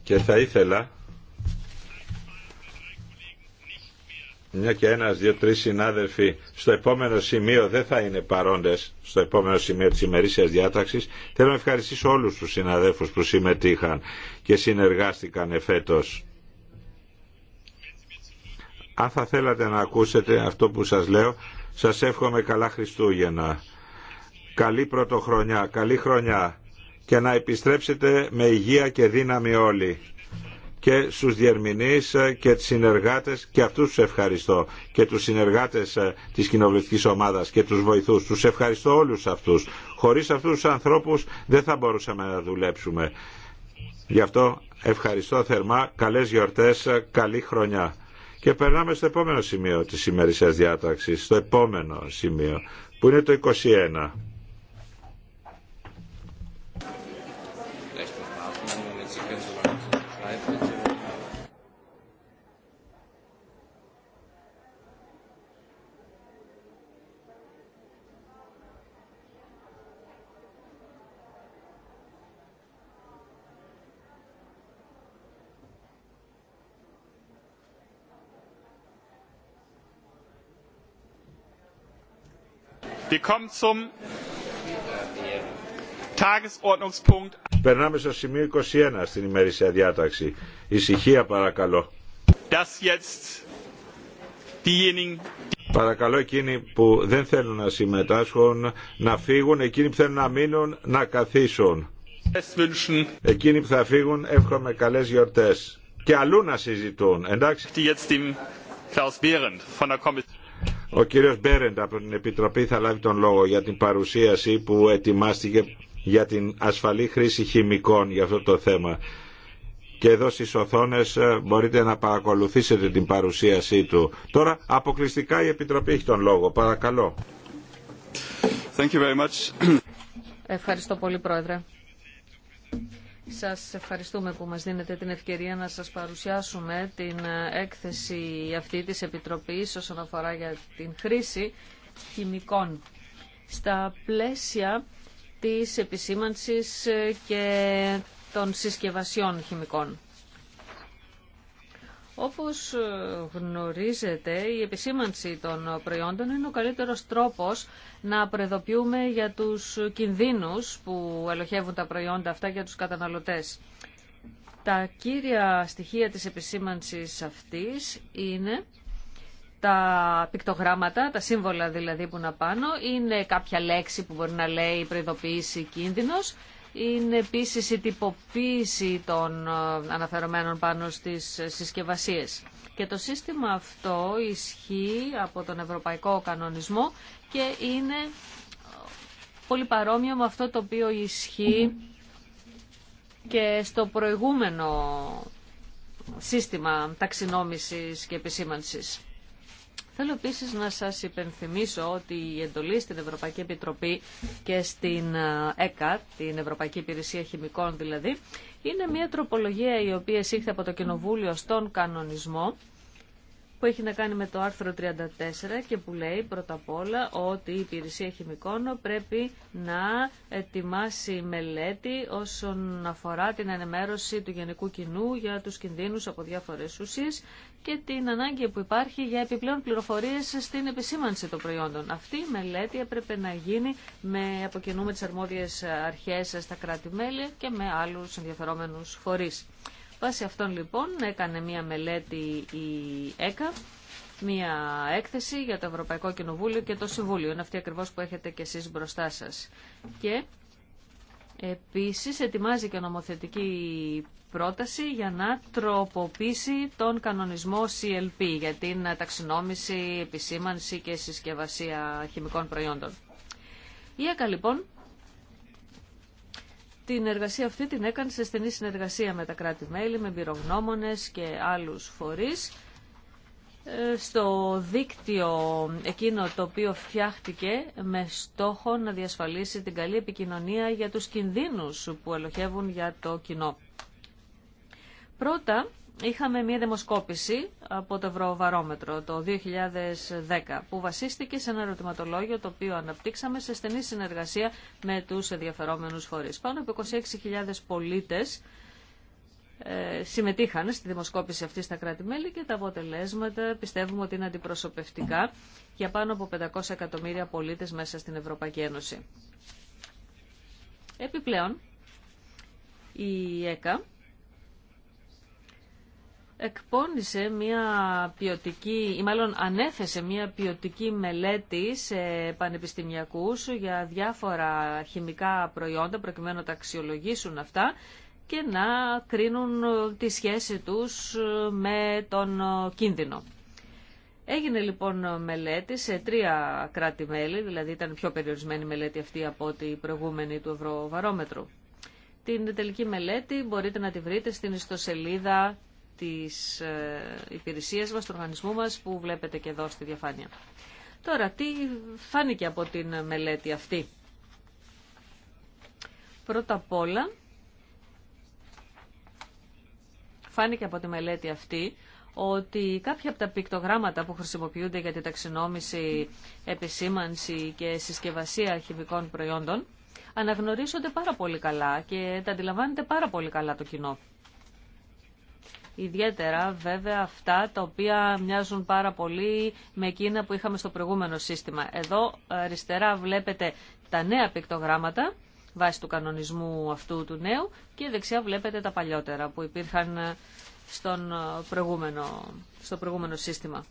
Και θα ήθελα μια και ένας, δύο, τρεις συνάδελφοι στο επόμενο σημείο δεν θα είναι παρόντες στο επόμενο σημείο της ημερήσιας διάταξης θέλω να ευχαριστήσω όλους τους συναδέλφους που συμμετείχαν και συνεργάστηκαν εφέτος αν θα θέλατε να ακούσετε αυτό που σας λέω σας εύχομαι καλά Χριστούγεννα καλή πρωτοχρονιά, καλή χρονιά και να επιστρέψετε με υγεία και δύναμη όλοι και στους διερμηνείς ε, και τους συνεργάτες και αυτούς τους ευχαριστώ και τους συνεργάτες ε, της κοινοβουλευτικής ομάδας και τους βοηθούς. Τους ευχαριστώ όλους αυτούς. Χωρίς αυτούς τους ανθρώπους δεν θα μπορούσαμε να δουλέψουμε. Γι' αυτό ευχαριστώ θερμά, καλές γιορτές, ε, καλή χρονιά. Και περνάμε στο επόμενο σημείο της σημερινής διάταξης, στο επόμενο σημείο, που είναι το 21. Wir kommen zum Tagesordnungspunkt. Περνάμε στο σημείο 21 στην ημερήσια διάταξη. Ησυχία παρακαλώ. Das jetzt diejenigen, Παρακαλώ εκείνοι που δεν θέλουν να συμμετάσχουν να φύγουν, εκείνοι που θέλουν να μείνουν να καθίσουν. Εκείνοι που θα φύγουν εύχομαι καλές γιορτές. Και αλλού να συζητούν, εντάξει. Klaus von der ο κύριος Μπέρεντ από την Επιτροπή θα λάβει τον λόγο για την παρουσίαση που ετοιμάστηκε για την ασφαλή χρήση χημικών για αυτό το θέμα. Και εδώ στις οθόνες ε, μπορείτε να παρακολουθήσετε την παρουσίασή του. Τώρα αποκλειστικά η Επιτροπή έχει τον λόγο. Παρακαλώ. Thank you very much. Ευχαριστώ πολύ Πρόεδρε. Σας ευχαριστούμε που μας δίνετε την ευκαιρία να σας παρουσιάσουμε την ε, έκθεση αυτή της Επιτροπής όσον αφορά για την χρήση χημικών. Στα πλαίσια της επισήμανσης ε, και των συσκευασιών χημικών. Όπως ε, γνωρίζετε, η επισήμανση των προϊόντων είναι ο καλύτερος τρόπος να προεδοποιούμε για τους κινδύνους που ελοχεύουν τα προϊόντα αυτά για τους καταναλωτές. Τα κύρια στοιχεία της επισήμανσης αυτής είναι τα πικτογράμματα, τα σύμβολα δηλαδή που να πάνω, είναι κάποια λέξη που μπορεί να λέει προειδοποίηση κίνδυνος είναι επίση η τυποποίηση των ε, αναφερομένων πάνω στις συσκευασίες. Και το σύστημα αυτό ισχύει από τον Ευρωπαϊκό Κανονισμό και είναι ε, πολύ παρόμοιο με αυτό το οποίο ισχύει και στο προηγούμενο σύστημα ταξινόμησης και επισήμανσης. Θέλω επίσης να σας υπενθυμίσω ότι η εντολή στην Ευρωπαϊκή Επιτροπή και στην ε, ΕΚΑ, την Ευρωπαϊκή Υπηρεσία Χημικών δηλαδή, είναι μια τροπολογία η οποία εισήχθη από το Κοινοβούλιο στον κανονισμό που έχει να κάνει με το άρθρο 34 και που λέει πρώτα απ' όλα ότι η υπηρεσία χημικών πρέπει να ετοιμάσει μελέτη όσον αφορά την ενημέρωση του γενικού κοινού για τους κινδύνους από διάφορες ουσίες και την ανάγκη που υπάρχει για επιπλέον πληροφορίες στην επισήμανση των προϊόντων. Αυτή η μελέτη έπρεπε να γίνει με κοινού με τις αρμόδιες αρχές στα κράτη-μέλη και με άλλους ενδιαφερόμενους φορείς. Βάσει αυτών λοιπόν έκανε μία μελέτη η ΕΚΑ, μία έκθεση για το Ευρωπαϊκό Κοινοβούλιο και το Συμβούλιο. Είναι αυτή ακριβώς που έχετε και εσείς μπροστά σας. Και Επίσης ετοιμάζει και νομοθετική πρόταση για να τροποποιήσει τον κανονισμό CLP για την ταξινόμηση, επισήμανση και συσκευασία χημικών προϊόντων. Η ΕΚΑ λοιπόν την εργασία αυτή την έκανε σε στενή συνεργασία με τα κράτη-μέλη, με εμπειρογνώμονες και άλλους φορείς ε, στο δίκτυο εκείνο το οποίο φτιάχτηκε με στόχο να διασφαλίσει την καλή επικοινωνία για τους κινδύνους που ελοχεύουν για το κοινό. Πρώτα είχαμε μία δημοσκόπηση από το Ευρωβαρόμετρο το 2010 που βασίστηκε σε ένα ερωτηματολόγιο το οποίο αναπτύξαμε σε στενή συνεργασία με τους ενδιαφερόμενους φορείς. Πάνω από 26.000 πολίτες ε, συμμετείχαν στη δημοσκόπηση αυτή στα κράτη-μέλη και τα αποτελέσματα πιστεύουμε ότι είναι αντιπροσωπευτικά για πάνω από 500 εκατομμύρια πολίτες μέσα στην Ευρωπαϊκή Ένωση. Επιπλέον, η ΕΚΑ εκπώνησε μια ποιοτική, ή μάλλον ανέθεσε μια ποιοτική μελέτη σε πανεπιστημιακούς για διάφορα χημικά προϊόντα προκειμένου να τα αξιολογήσουν αυτά και να κρίνουν τη σχέση τους με τον κίνδυνο. Έγινε λοιπόν μελέτη σε τρία κράτη-μέλη, δηλαδή ήταν πιο περιορισμένη μελέτη αυτή από την προηγούμενη του Ευρωβαρόμετρου. Την τελική μελέτη μπορείτε να τη βρείτε στην ιστοσελίδα της ε, υπηρεσίας μας, του οργανισμού μας που βλέπετε και εδώ στη διαφάνεια. Τώρα, τι φάνηκε από την μελέτη αυτή. Πρώτα απ' όλα, φάνηκε από τη μελέτη αυτή ότι κάποια από τα πικτογράμματα που χρησιμοποιούνται για τη ταξινόμηση, επισήμανση και συσκευασία χημικών προϊόντων αναγνωρίζονται πάρα πολύ καλά και τα αντιλαμβάνεται πάρα πολύ καλά το κοινό ιδιαίτερα βέβαια αυτά τα οποία μοιάζουν πάρα πολύ με εκείνα που είχαμε στο προηγούμενο σύστημα. Εδώ αριστερά βλέπετε τα νέα πικτογράμματα βάσει του κανονισμού αυτού του νέου και δεξιά βλέπετε τα παλιότερα που υπήρχαν ε, στον ε, προηγούμενο, στο προηγούμενο σύστημα.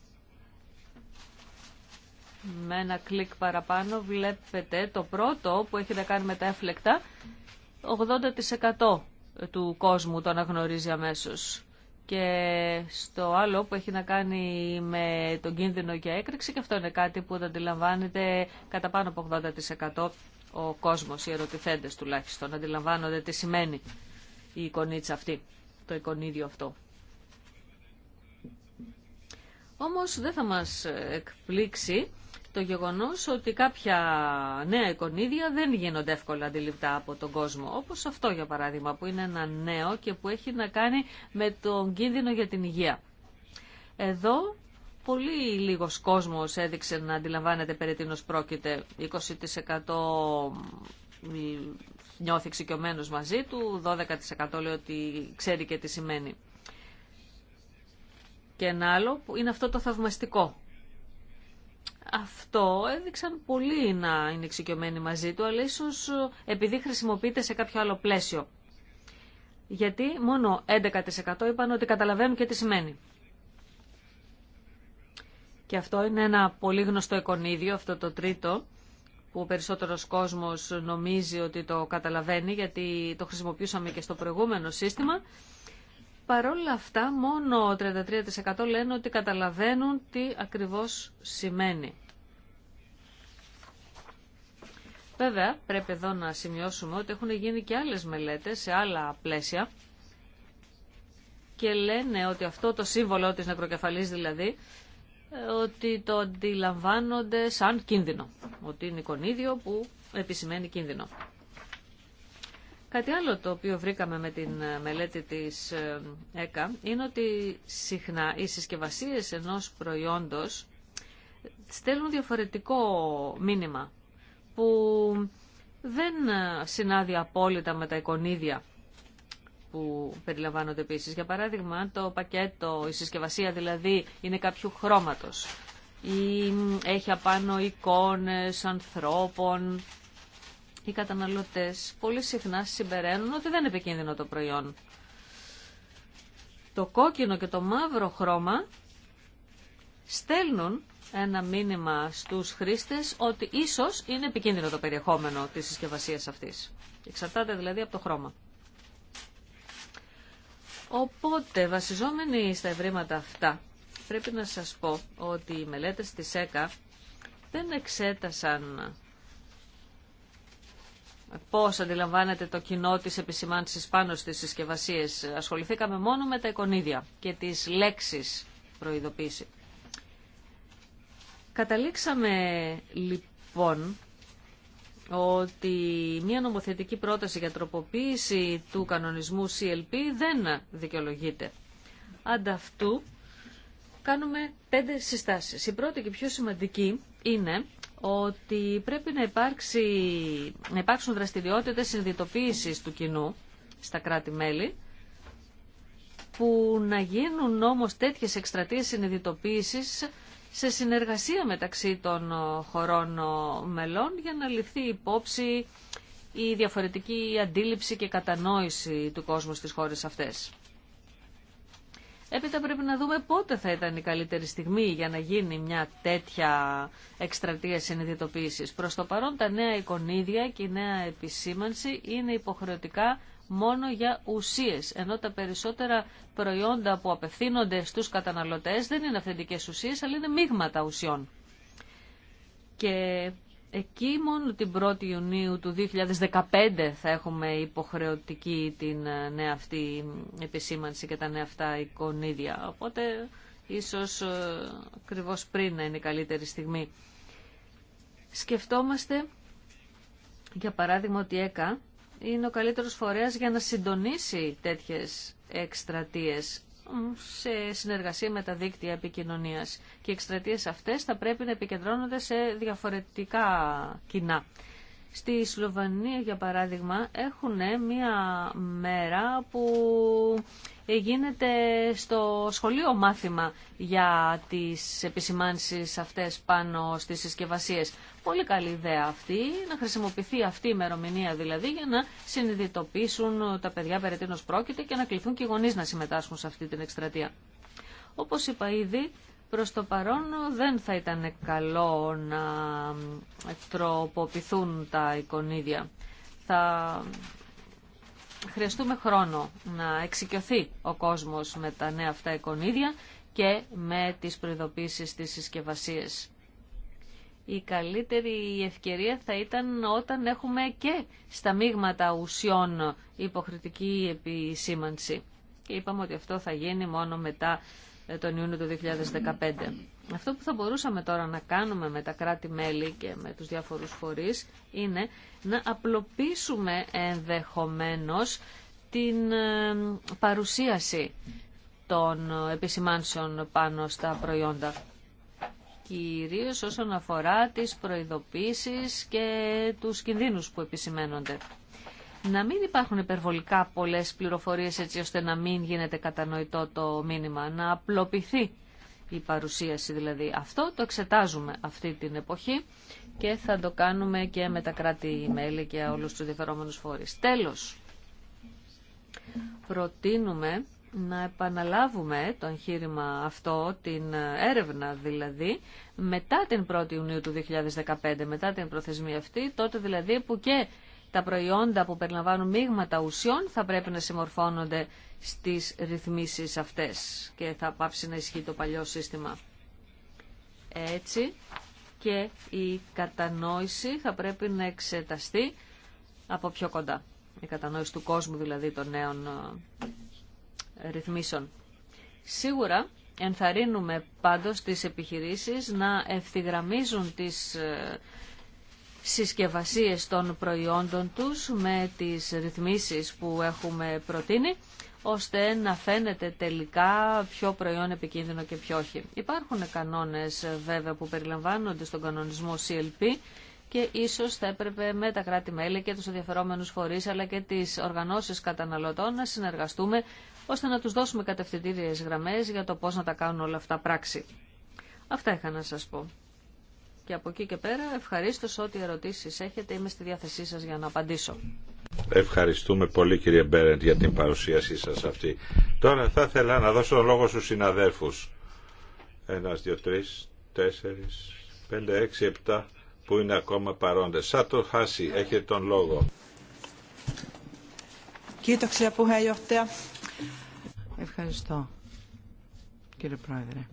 Με ένα κλικ παραπάνω βλέπετε το πρώτο που έχει να κάνει με τα έφλεκτα 80% του κόσμου το αναγνωρίζει αμέσως και στο άλλο που έχει να κάνει με τον κίνδυνο για έκρηξη και αυτό είναι κάτι που αντιλαμβάνεται κατά πάνω από 80% ο κόσμος, οι ερωτηθέντες τουλάχιστον, αντιλαμβάνονται τι σημαίνει η εικονίτσα αυτή, το εικονίδιο αυτό. Όμως δεν θα μας εκπλήξει το γεγονός ότι κάποια νέα εικονίδια δεν γίνονται εύκολα αντιληπτά από τον κόσμο. Όπως αυτό για παράδειγμα που είναι ένα νέο και που έχει να κάνει με τον κίνδυνο για την υγεία. Εδώ πολύ λίγος κόσμος έδειξε να αντιλαμβάνεται περί τίνος πρόκειται. 20% νιώθει εξοικειωμένος μαζί του, 12% λέει ότι ξέρει και τι σημαίνει. Και ένα άλλο που είναι αυτό το θαυμαστικό αυτό έδειξαν πολύ να είναι εξοικειωμένοι μαζί του, αλλά ίσω ε, επειδή χρησιμοποιείται σε κάποιο άλλο πλαίσιο. Γιατί μόνο 11% είπαν ότι καταλαβαίνουν και τι σημαίνει. Και αυτό είναι ένα πολύ γνωστό εικονίδιο, αυτό το τρίτο, που ο περισσότερος κόσμος νομίζει ότι το καταλαβαίνει, γιατί το χρησιμοποιούσαμε και στο προηγούμενο σύστημα. Παρόλα αυτά, μόνο 33% λένε ότι καταλαβαίνουν τι ακριβώς σημαίνει. Βέβαια, πρέπει εδώ να σημειώσουμε ότι έχουν γίνει και άλλες μελέτες σε άλλα πλαίσια και λένε ότι αυτό το σύμβολο της νεκροκεφαλής δηλαδή, ε, ότι το αντιλαμβάνονται σαν κίνδυνο, ότι είναι εικονίδιο που επισημαίνει κίνδυνο. Κάτι άλλο το οποίο βρήκαμε με την ε, μελέτη της ε, ΕΚΑ είναι ότι συχνά οι συσκευασίες ενός προϊόντος στέλνουν διαφορετικό μήνυμα που δεν ε, συνάδει απόλυτα με τα εικονίδια που περιλαμβάνονται επίση. Για παράδειγμα, το πακέτο, η συσκευασία δηλαδή είναι κάποιου χρώματος ή έχει απάνω εικόνες ανθρώπων οι καταναλωτές πολύ συχνά συμπεραίνουν ότι δεν είναι επικίνδυνο το προϊόν. Το κόκκινο και το μαύρο χρώμα στέλνουν ένα μήνυμα στους χρήστες ότι ίσως είναι επικίνδυνο το περιεχόμενο της συσκευασία αυτής. Εξαρτάται δηλαδή από το χρώμα. Οπότε, βασιζόμενοι στα ευρήματα αυτά, πρέπει να σας πω ότι οι μελέτες της ΕΚΑ δεν εξέτασαν πώς αντιλαμβάνεται το κοινό της επισημάνσεις πάνω στις συσκευασίε. Ασχοληθήκαμε μόνο με τα εικονίδια και τις λέξεις προειδοποίηση. Καταλήξαμε λοιπόν ότι μια νομοθετική πρόταση για τροποποίηση του κανονισμού CLP δεν δικαιολογείται. Ανταυτού κάνουμε πέντε συστάσεις. Η πρώτη και πιο σημαντική είναι ότι πρέπει να, υπάρξει, να υπάρξουν δραστηριότητες συνειδητοποίησης του κοινού στα κράτη-μέλη, που να γίνουν όμως τέτοιες εκστρατείες συνειδητοποίησης σε συνεργασία μεταξύ των χωρών μελών για να ληφθεί υπόψη η διαφορετική αντίληψη και κατανόηση του κόσμου στις χώρες αυτές. Έπειτα πρέπει να δούμε πότε θα ήταν η καλύτερη στιγμή για να γίνει μια τέτοια εκστρατεία συνειδητοποίηση. Προς το παρόν τα νέα εικονίδια και η νέα επισήμανση είναι υποχρεωτικά μόνο για ουσίες, ενώ τα περισσότερα προϊόντα που απευθύνονται στους καταναλωτές δεν είναι αυθεντικές ουσίες, αλλά είναι μείγματα ουσιών. Και Εκεί μόνο την 1η Ιουνίου του 2015 θα έχουμε υποχρεωτική την ε, νέα αυτή επισήμανση και τα νέα αυτά εικονίδια. Οπότε ίσως ε, ακριβώ πριν να είναι η καλύτερη στιγμή. Σκεφτόμαστε, για παράδειγμα, ότι η ΕΚΑ είναι ο καλύτερος φορέας για να συντονίσει τέτοιες εκστρατείες σε συνεργασία με τα δίκτυα επικοινωνίας. Και οι αυτές θα πρέπει να επικεντρώνονται σε διαφορετικά κοινά. Στη Σλοβανία, για παράδειγμα, έχουν μια μέρα που γίνεται στο σχολείο μάθημα για τις επισημάνσεις αυτές πάνω στις συσκευασίες. Πολύ καλή ιδέα αυτή, να χρησιμοποιηθεί αυτή η ημερομηνία δηλαδή για να συνειδητοποιήσουν τα παιδιά περί πρόκειται και να κληθούν και οι γονείς να συμμετάσχουν σε αυτή την εκστρατεία. Όπως είπα ήδη, προς το παρόν δεν θα ήταν καλό να τροποποιηθούν τα εικονίδια. Θα χρειαστούμε χρόνο να εξοικειωθεί ο κόσμος με τα νέα αυτά εικονίδια και με τις προειδοποίησεις της συσκευασία. Η καλύτερη ευκαιρία θα ήταν όταν έχουμε και στα μείγματα ουσιών υποχρετική επισήμανση. Και είπαμε ότι αυτό θα γίνει μόνο μετά τον Ιούνιο του 2015. Αυτό που θα μπορούσαμε τώρα να κάνουμε με τα κράτη-μέλη και με τους διάφορους φορείς είναι να απλοποιήσουμε ενδεχομένως την παρουσίαση των επισημάνσεων πάνω στα προϊόντα. Κυρίως όσον αφορά τις προειδοποίησεις και τους κινδύνους που επισημαίνονται. Να μην υπάρχουν υπερβολικά πολλές πληροφορίες έτσι ώστε να μην γίνεται κατανοητό το μήνυμα, να απλοποιηθεί η παρουσίαση δηλαδή. Αυτό το εξετάζουμε αυτή την εποχή και θα το κάνουμε και με τα κράτη-μέλη και όλους τους διαφερόμενους φορείς. Τέλος, προτείνουμε να επαναλάβουμε το εγχείρημα αυτό, την έρευνα δηλαδή, μετά την 1η Ιουνίου του 2015, μετά την προθεσμία αυτή, τότε δηλαδή που και τα προϊόντα που περιλαμβάνουν μείγματα ουσιών θα πρέπει να συμμορφώνονται στις ρυθμίσεις αυτές και θα πάψει να ισχύει το παλιό σύστημα. Έτσι και η κατανόηση θα πρέπει να εξεταστεί από πιο κοντά. Η κατανόηση του κόσμου δηλαδή των νέων ε, ρυθμίσεων. Σίγουρα ενθαρρύνουμε πάντως τις επιχειρήσεις να ευθυγραμμίζουν τις ε, συσκευασίες των προϊόντων τους με τις ρυθμίσεις που έχουμε προτείνει ώστε να φαίνεται τελικά ποιο προϊόν επικίνδυνο και ποιο όχι. Υπάρχουν κανόνες βέβαια που περιλαμβάνονται στον κανονισμό CLP και ίσως θα έπρεπε με τα κράτη-μέλη και τους ενδιαφερόμενους φορείς αλλά και τις οργανώσεις καταναλωτών να συνεργαστούμε ώστε να τους δώσουμε κατευθυντήριες γραμμές για το πώς να τα κάνουν όλα αυτά πράξη. Αυτά είχα να σας πω. Και από εκεί και πέρα ευχαρίστω ό,τι ερωτήσεις έχετε είμαι στη διάθεσή σας για να απαντήσω. Ευχαριστούμε πολύ κύριε Μπέρεντ για την παρουσίασή σας αυτή. Τώρα θα ήθελα να δώσω τον λόγο στους συναδέλφους. Ένας, δύο, τρεις, τέσσερις, πέντε, έξι, επτά που είναι ακόμα παρόντες. Σαν το χάσει, έχετε τον λόγο. Ευχαριστώ κύριε Πρόεδρε.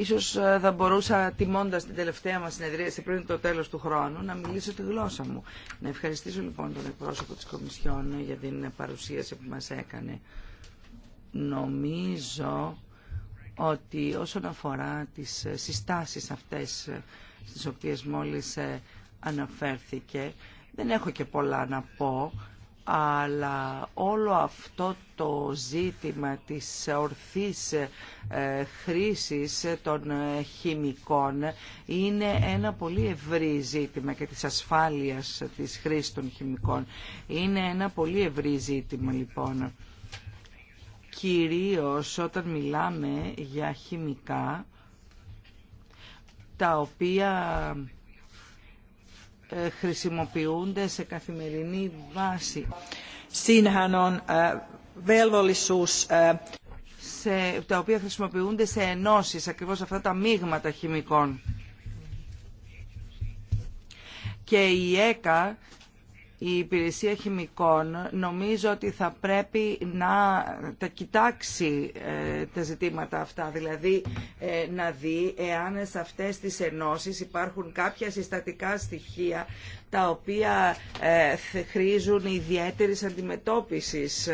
Ίσως ε, θα μπορούσα, τιμώντας την τελευταία μας συνεδρίαση πριν το τέλος του χρόνου, να μιλήσω τη γλώσσα μου. Να ευχαριστήσω λοιπόν τον εκπρόσωπο της Κομισιόν για την παρουσίαση που μας έκανε. Νομίζω ότι όσον αφορά τις ε, συστάσεις αυτές ε, στις οποίες μόλις αναφέρθηκε, δεν έχω και πολλά να πω αλλά όλο αυτό το ζήτημα της ορθής ε, χρήσης των ε, χημικών είναι ένα πολύ ευρύ ζήτημα και της ασφάλειας της χρήσης των χημικών. Είναι ένα πολύ ευρύ ζήτημα λοιπόν. Κυρίως όταν μιλάμε για χημικά τα οποία ε, χρησιμοποιούνται σε καθημερινή βάση. Ε, ε, τα οποία χρησιμοποιούνται σε ενώσεις, ακριβώς αυτά τα μείγματα χημικών. Και η ΕΚΑ η υπηρεσία χημικών νομίζω ότι θα πρέπει να τα κοιτάξει ε, τα ζητήματα αυτά, δηλαδή ε, να δει εάν σε αυτές τις ενώσεις υπάρχουν κάποια συστατικά στοιχεία τα οποία ε, χρήζουν ιδιαίτερης αντιμετώπισης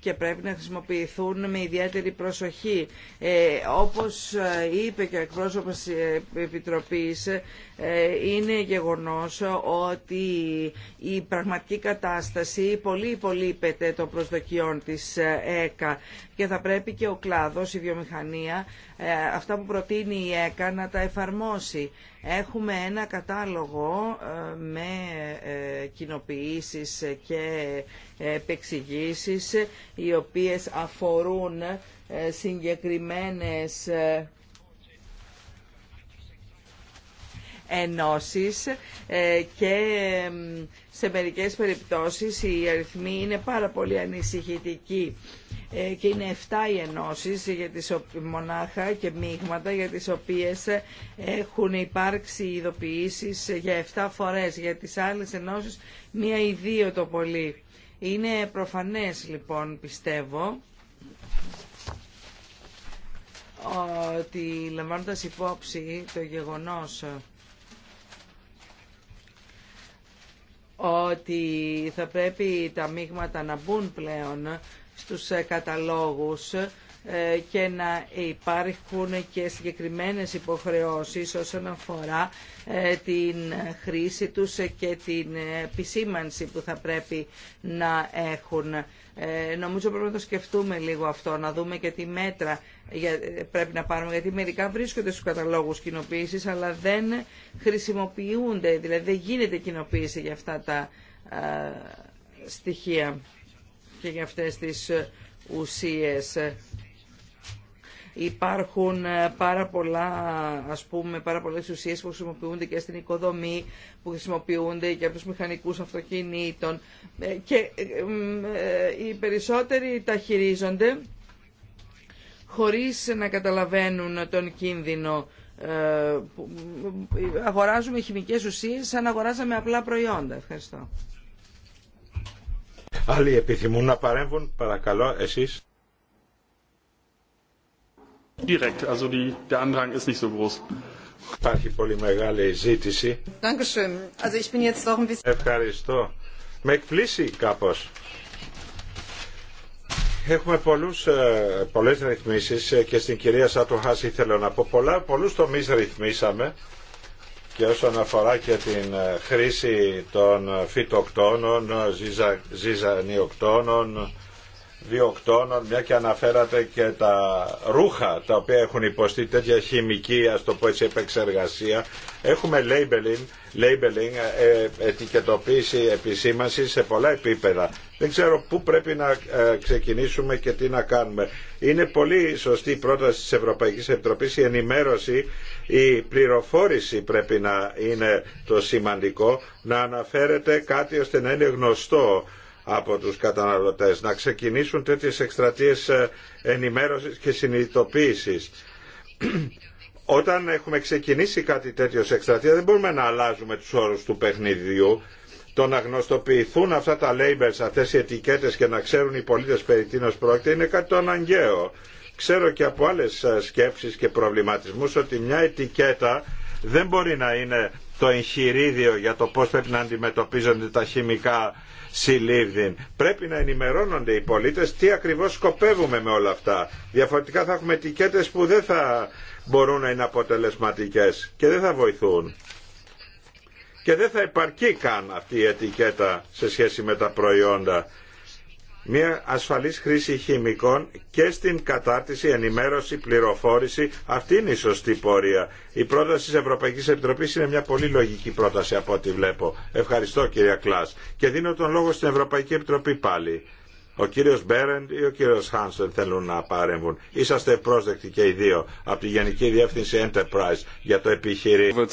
και πρέπει να χρησιμοποιηθούν με ιδιαίτερη προσοχή. Ε, όπως ε, είπε και ο εκπρόσωπος της Επιτροπής, ε, είναι γεγονός ότι η πραγματική κατάσταση πολύ υπολείπεται των προσδοκιών της ΕΚΑ και θα πρέπει και ο κλάδος, η βιομηχανία, αυτά που προτείνει η ΕΚΑ να τα εφαρμόσει. Έχουμε ένα κατάλογο ε, με ε, κοινοποιήσεις και επεξηγήσεις οι οποίες αφορούν ε, συγκεκριμένες ενώσεις ε, και σε μερικές περιπτώσεις οι αριθμοί είναι πάρα πολύ ανησυχητικοί ε, και είναι 7 οι ενώσεις για τις μονάχα και μείγματα για τις οποίες έχουν υπάρξει ειδοποιήσεις για 7 φορές για τις άλλες ενώσεις μία ή δύο το πολύ. Είναι προφανές λοιπόν πιστεύω ότι λαμβάνοντας υπόψη το γεγονός ότι θα πρέπει τα μείγματα να μπουν πλέον στους ε, καταλόγους ε, και να υπάρχουν και συγκεκριμένες υποχρεώσεις όσον αφορά ε, την χρήση τους και την επισήμανση που θα πρέπει να έχουν. Ε, νομίζω πρέπει να το σκεφτούμε λίγο αυτό, να δούμε και τι μέτρα πρέπει να πάρουμε, γιατί μερικά βρίσκονται στους καταλόγους κοινοποίησης, αλλά δεν χρησιμοποιούνται, δηλαδή δεν γίνεται κοινοποίηση για αυτά τα στοιχεία και για αυτές τις ουσίες. Υπάρχουν ε, πάρα, πολλά, ας πούμε, πάρα πολλές ουσίες που χρησιμοποιούνται και στην οικοδομή, που χρησιμοποιούνται και από τους μηχανικούς αυτοκινήτων ε, και ε, οι περισσότεροι τα χειρίζονται χωρίς να καταλαβαίνουν τον κίνδυνο. Αγοράζουμε χημικές ουσίες σαν αγοράζαμε απλά προϊόντα. Ευχαριστώ. Άλλοι επιθυμούν να παρέμβουν, παρακαλώ, εσείς. Υπάρχει πολύ μεγάλη ζήτηση. Ευχαριστώ. Με εκπλήσει κάπως. Έχουμε πολλούς, ε, πολλές ρυθμίσεις ε, και στην κυρία Σατουχάς ήθελα να πω πολλά. Πολλούς τομείς ρυθμίσαμε και όσον αφορά και την ε, χρήση των φυτοκτόνων, ζυζα, ζυζανιοκτόνων, διοκτώνων, μια και αναφέρατε και τα ρούχα τα οποία έχουν υποστεί τέτοια χημική, ας το πω έτσι, επεξεργασία. Έχουμε labeling, labeling ε, ε, ετικετοποίηση, επισήμανση σε πολλά επίπεδα. Δεν ξέρω πού πρέπει να ε, ξεκινήσουμε και τι να κάνουμε. Είναι πολύ σωστή η πρόταση της Ευρωπαϊκής Επιτροπής, η ενημέρωση, η πληροφόρηση πρέπει να είναι το σημαντικό, να αναφέρεται κάτι ώστε να είναι γνωστό από τους καταναλωτές, να ξεκινήσουν τέτοιες εκστρατείες ε, ενημέρωσης και συνειδητοποίησης. <clears throat> Όταν έχουμε ξεκινήσει κάτι τέτοιο σε εκστρατεία δεν μπορούμε να αλλάζουμε τους όρους του παιχνιδιού. Το να γνωστοποιηθούν αυτά τα labels, αυτές οι ετικέτες και να ξέρουν οι πολίτες περί τίνος πρόκειται είναι κάτι το αναγκαίο. Ξέρω και από άλλες ε, σκέψεις και προβληματισμούς ότι μια ετικέτα δεν μπορεί να είναι το εγχειρίδιο για το πώς πρέπει να αντιμετωπίζονται τα χημικά Πρέπει να ενημερώνονται οι πολίτες τι ακριβώς σκοπεύουμε με όλα αυτά. Διαφορετικά θα έχουμε ετικέτε που δεν θα μπορούν να είναι αποτελεσματικές και δεν θα βοηθούν. Και δεν θα υπαρκεί καν αυτή η ετικέτα σε σχέση με τα προϊόντα μια ασφαλής χρήση χημικών και στην κατάρτιση, ενημέρωση, πληροφόρηση. Αυτή είναι η σωστή πορεία. Η πρόταση της Ευρωπαϊκής Επιτροπής είναι μια πολύ λογική πρόταση από ό,τι βλέπω. Ευχαριστώ κύριε Κλάς. Και δίνω τον λόγο στην Ευρωπαϊκή Επιτροπή πάλι. Ο κύριος Μπέρεντ ή ο κύριος Χάνσεν θέλουν να παρέμβουν. Είσαστε πρόσδεκτοι και οι δύο από τη Γενική Διεύθυνση Enterprise για το επιχείρημα.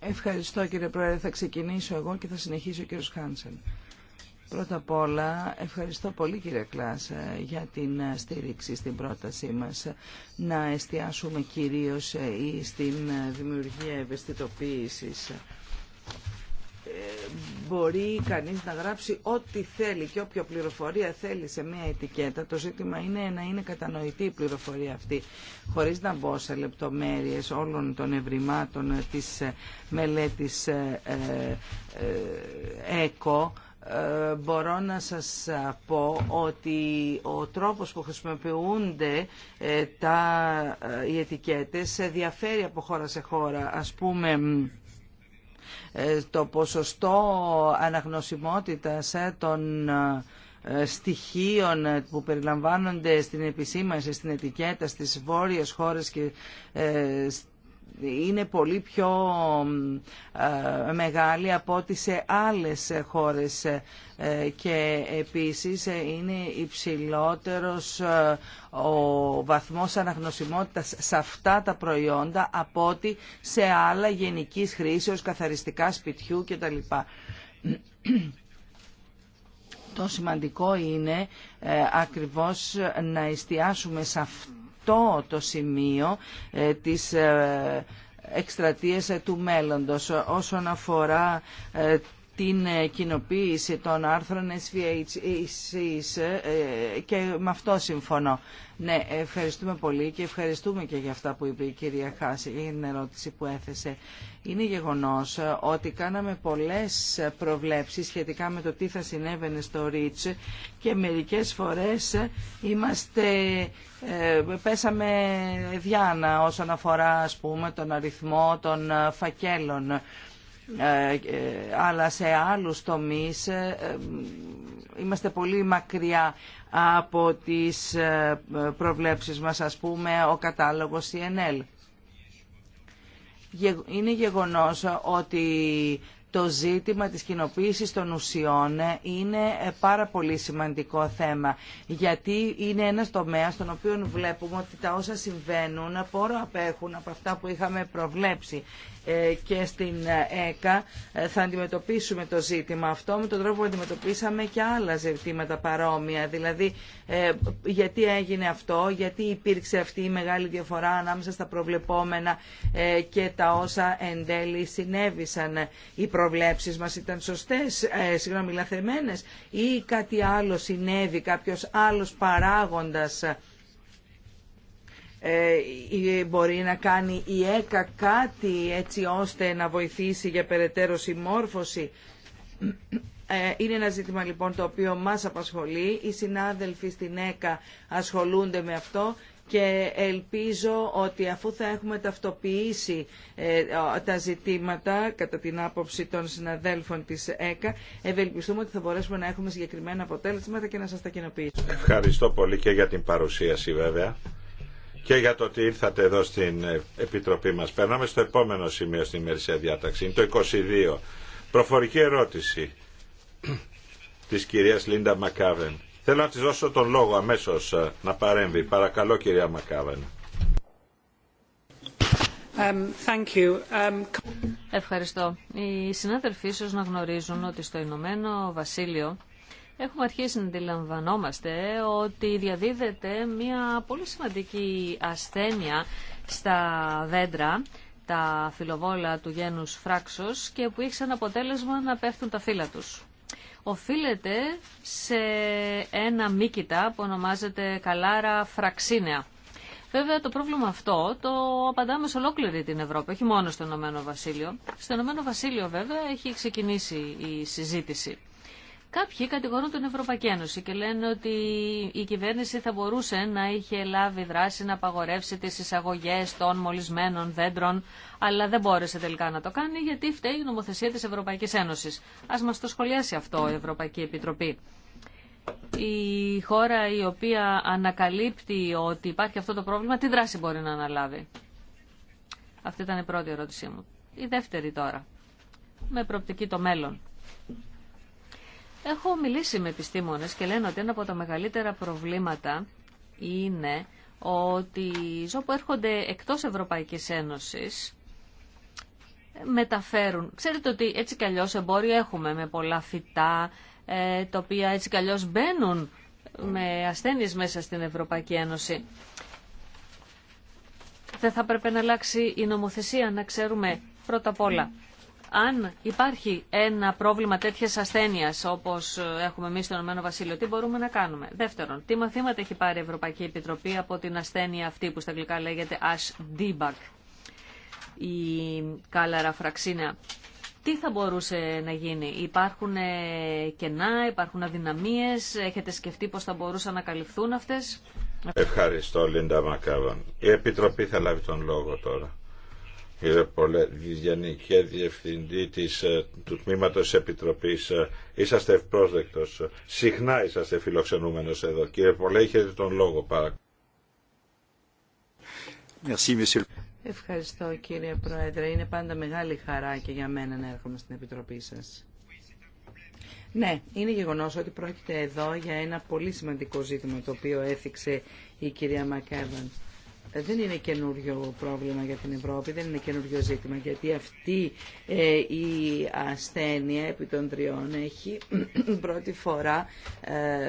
Ευχαριστώ κύριε Πρόεδρε. Θα ξεκινήσω εγώ και θα συνεχίσω ο κύριος Χάνσεν. Πρώτα απ' όλα ευχαριστώ πολύ κύριε Κλάς για την στήριξη στην πρότασή μας να εστιάσουμε κυρίως στην δημιουργία ευαισθητοποίησης. Μπορεί κανείς να γράψει ό,τι θέλει και όποια πληροφορία θέλει σε μια ετικέτα. Το ζήτημα είναι να είναι κατανοητή η πληροφορία αυτή, χωρίς να μπω σε λεπτομέρειες όλων των ευρημάτων της μελέτης ΕΚΟ. Ε, μπορώ να σας πω ότι ο τρόπος που χρησιμοποιούνται ε, τα, ε, οι ετικέτες διαφέρει από χώρα σε χώρα. Ας πούμε, το ποσοστό αναγνωσιμότητας των στοιχείων που περιλαμβάνονται στην επισήμανση, στην ετικέτα στις βόρειες χώρες και είναι πολύ πιο ε, μεγάλη από ό,τι σε άλλες χώρες ε, και επίσης ε, είναι υψηλότερος ο βαθμός αναγνωσιμότητας σε αυτά τα προϊόντα από ό,τι σε άλλα γενικής χρήσεως, καθαριστικά σπιτιού κτλ. Το σημαντικό είναι ακριβώς να εστιάσουμε σε αυτά αυτό το σημείο ε, της ε, εκστρατείας ε, του μέλλοντος όσον αφορά την ε, κοινοποίηση των άρθρων SVHC ε, και με αυτό συμφωνώ. Ναι, ευχαριστούμε πολύ και ευχαριστούμε και για αυτά που είπε η κυρία Χάση για την ερώτηση που έθεσε. Είναι γεγονός ε, ότι κάναμε πολλές προβλέψεις σχετικά με το τι θα συνέβαινε στο REACH και μερικές φορές είμαστε, πέσαμε διάνα όσον αφορά πούμε, τον αριθμό των φακέλων ε, αλλά σε άλλους τομείς ε, είμαστε πολύ μακριά από τις ε, προβλέψεις μας, ας πούμε, ο κατάλογος CNL. Είναι γεγονός ότι το ζήτημα της κοινοποίηση των ουσιών είναι πάρα πολύ σημαντικό θέμα γιατί είναι ένας τομέας στον οποίο βλέπουμε ότι τα όσα συμβαίνουν πόρο απέχουν από αυτά που είχαμε προβλέψει. Ε, και στην ε, ΕΚΑ ε, θα αντιμετωπίσουμε το ζήτημα αυτό με τον τρόπο που αντιμετωπίσαμε και άλλα ζητήματα παρόμοια. Δηλαδή, γιατί έγινε αυτό, γιατί υπήρξε αυτή η μεγάλη διαφορά ανάμεσα στα προβλεπόμενα και τα όσα εν τέλει συνέβησαν. Οι προβλέψεις μας ήταν σωστές, συγγνώμη, λαθεμένες ή κάτι άλλο συνέβη, κάποιος άλλος παράγοντας ε, μπορεί να κάνει η ΕΚΑ κάτι έτσι ώστε να βοηθήσει για περαιτέρω συμμόρφωση. Ε, είναι ένα ζήτημα λοιπόν το οποίο μας απασχολεί. Οι συνάδελφοι στην ΕΚΑ ασχολούνται με αυτό και ελπίζω ότι αφού θα έχουμε ταυτοποιήσει ε, τα ζητήματα κατά την άποψη των συναδέλφων της ΕΚΑ, ευελπιστούμε ότι θα μπορέσουμε να έχουμε συγκεκριμένα αποτέλεσματα και να σας τα κοινοποιήσουμε. Ευχαριστώ πολύ και για την παρουσίαση βέβαια και για το ότι ήρθατε εδώ στην Επιτροπή μας. Περνάμε στο επόμενο σημείο στην ημερησία διάταξη. Είναι το 22. Προφορική ερώτηση της κυρίας Λίντα Μακάβεν. Θέλω να της δώσω τον λόγο αμέσως ε, να παρέμβει. Παρακαλώ κυρία Μακάβεν. Um, thank you. Um, Ευχαριστώ. Οι συνάδελφοί σας να γνωρίζουν ότι στο Ηνωμένο Βασίλειο έχουμε αρχίσει να αντιλαμβανόμαστε ότι διαδίδεται μια πολύ σημαντική ασθένεια στα δέντρα, τα φιλοβόλα του γένους φράξος και που έχει σαν αποτέλεσμα να πέφτουν τα φύλλα τους. Οφείλεται σε ένα μύκητα που ονομάζεται καλάρα φραξίνεα. Βέβαια το πρόβλημα αυτό το απαντάμε σε ολόκληρη την Ευρώπη, όχι μόνο στο Ηνωμένο Βασίλειο. Στο Ηνωμένο Βασίλειο βέβαια έχει ξεκινήσει η συζήτηση. Κάποιοι κατηγορούν την Ευρωπαϊκή Ένωση και λένε ότι η κυβέρνηση θα μπορούσε να είχε λάβει δράση να απαγορεύσει τις εισαγωγές των μολυσμένων δέντρων, αλλά δεν μπόρεσε τελικά να το κάνει γιατί φταίει η νομοθεσία της Ευρωπαϊκής Ένωσης. Ας μας το σχολιάσει αυτό η Ευρωπαϊκή Επιτροπή. Η χώρα η οποία ανακαλύπτει ότι υπάρχει αυτό το πρόβλημα, τι δράση μπορεί να αναλάβει. Αυτή ήταν η πρώτη ερώτησή μου. Η δεύτερη τώρα, με προοπτική το μέλλον. Έχω μιλήσει με επιστήμονες και λένε ότι ένα από τα μεγαλύτερα προβλήματα είναι ότι οι ζώα που έρχονται εκτός Ευρωπαϊκής Ένωσης μεταφέρουν. Ξέρετε ότι έτσι κι αλλιώς εμπόριο έχουμε με πολλά φυτά, ε, τα οποία έτσι κι αλλιώς μπαίνουν με ασθένειες μέσα στην Ευρωπαϊκή Ένωση. Δεν θα πρέπει να αλλάξει η νομοθεσία, να ξέρουμε πρώτα απ' όλα αν υπάρχει ένα πρόβλημα τέτοια ασθένεια όπω έχουμε εμεί στο Ηνωμένο Βασίλειο, τι μπορούμε να κάνουμε. Δεύτερον, τι μαθήματα έχει πάρει η Ευρωπαϊκή Επιτροπή από την ασθένεια αυτή που στα αγγλικά λέγεται Ash Debug, η κάλαρα φραξίνα. Τι θα μπορούσε να γίνει, υπάρχουν ε, κενά, υπάρχουν αδυναμίες, έχετε σκεφτεί πώς θα μπορούσαν να καλυφθούν αυτές. Ευχαριστώ Λίντα Μακάβαν. Η Επιτροπή θα λάβει τον λόγο τώρα κύριε και Διευθυντή της, ε, του Τμήματος Επιτροπής. Ε, είσαστε ευπρόσδεκτος. Συχνά είσαστε φιλοξενούμενος εδώ. Κύριε Πολέ, έχετε τον λόγο παρακολουθήσει. Ευχαριστώ κύριε Πρόεδρε. Είναι πάντα μεγάλη χαρά και για μένα να έρχομαι στην Επιτροπή σας. Ναι, είναι γεγονός ότι πρόκειται εδώ για ένα πολύ σημαντικό ζήτημα το οποίο έθιξε η κυρία Μακέβαν. Ε, δεν είναι καινούριο πρόβλημα για την Ευρώπη, δεν είναι καινούριο ζήτημα, γιατί αυτή ε, η ασθένεια επί των τριών έχει <clears throat> πρώτη φορά ε,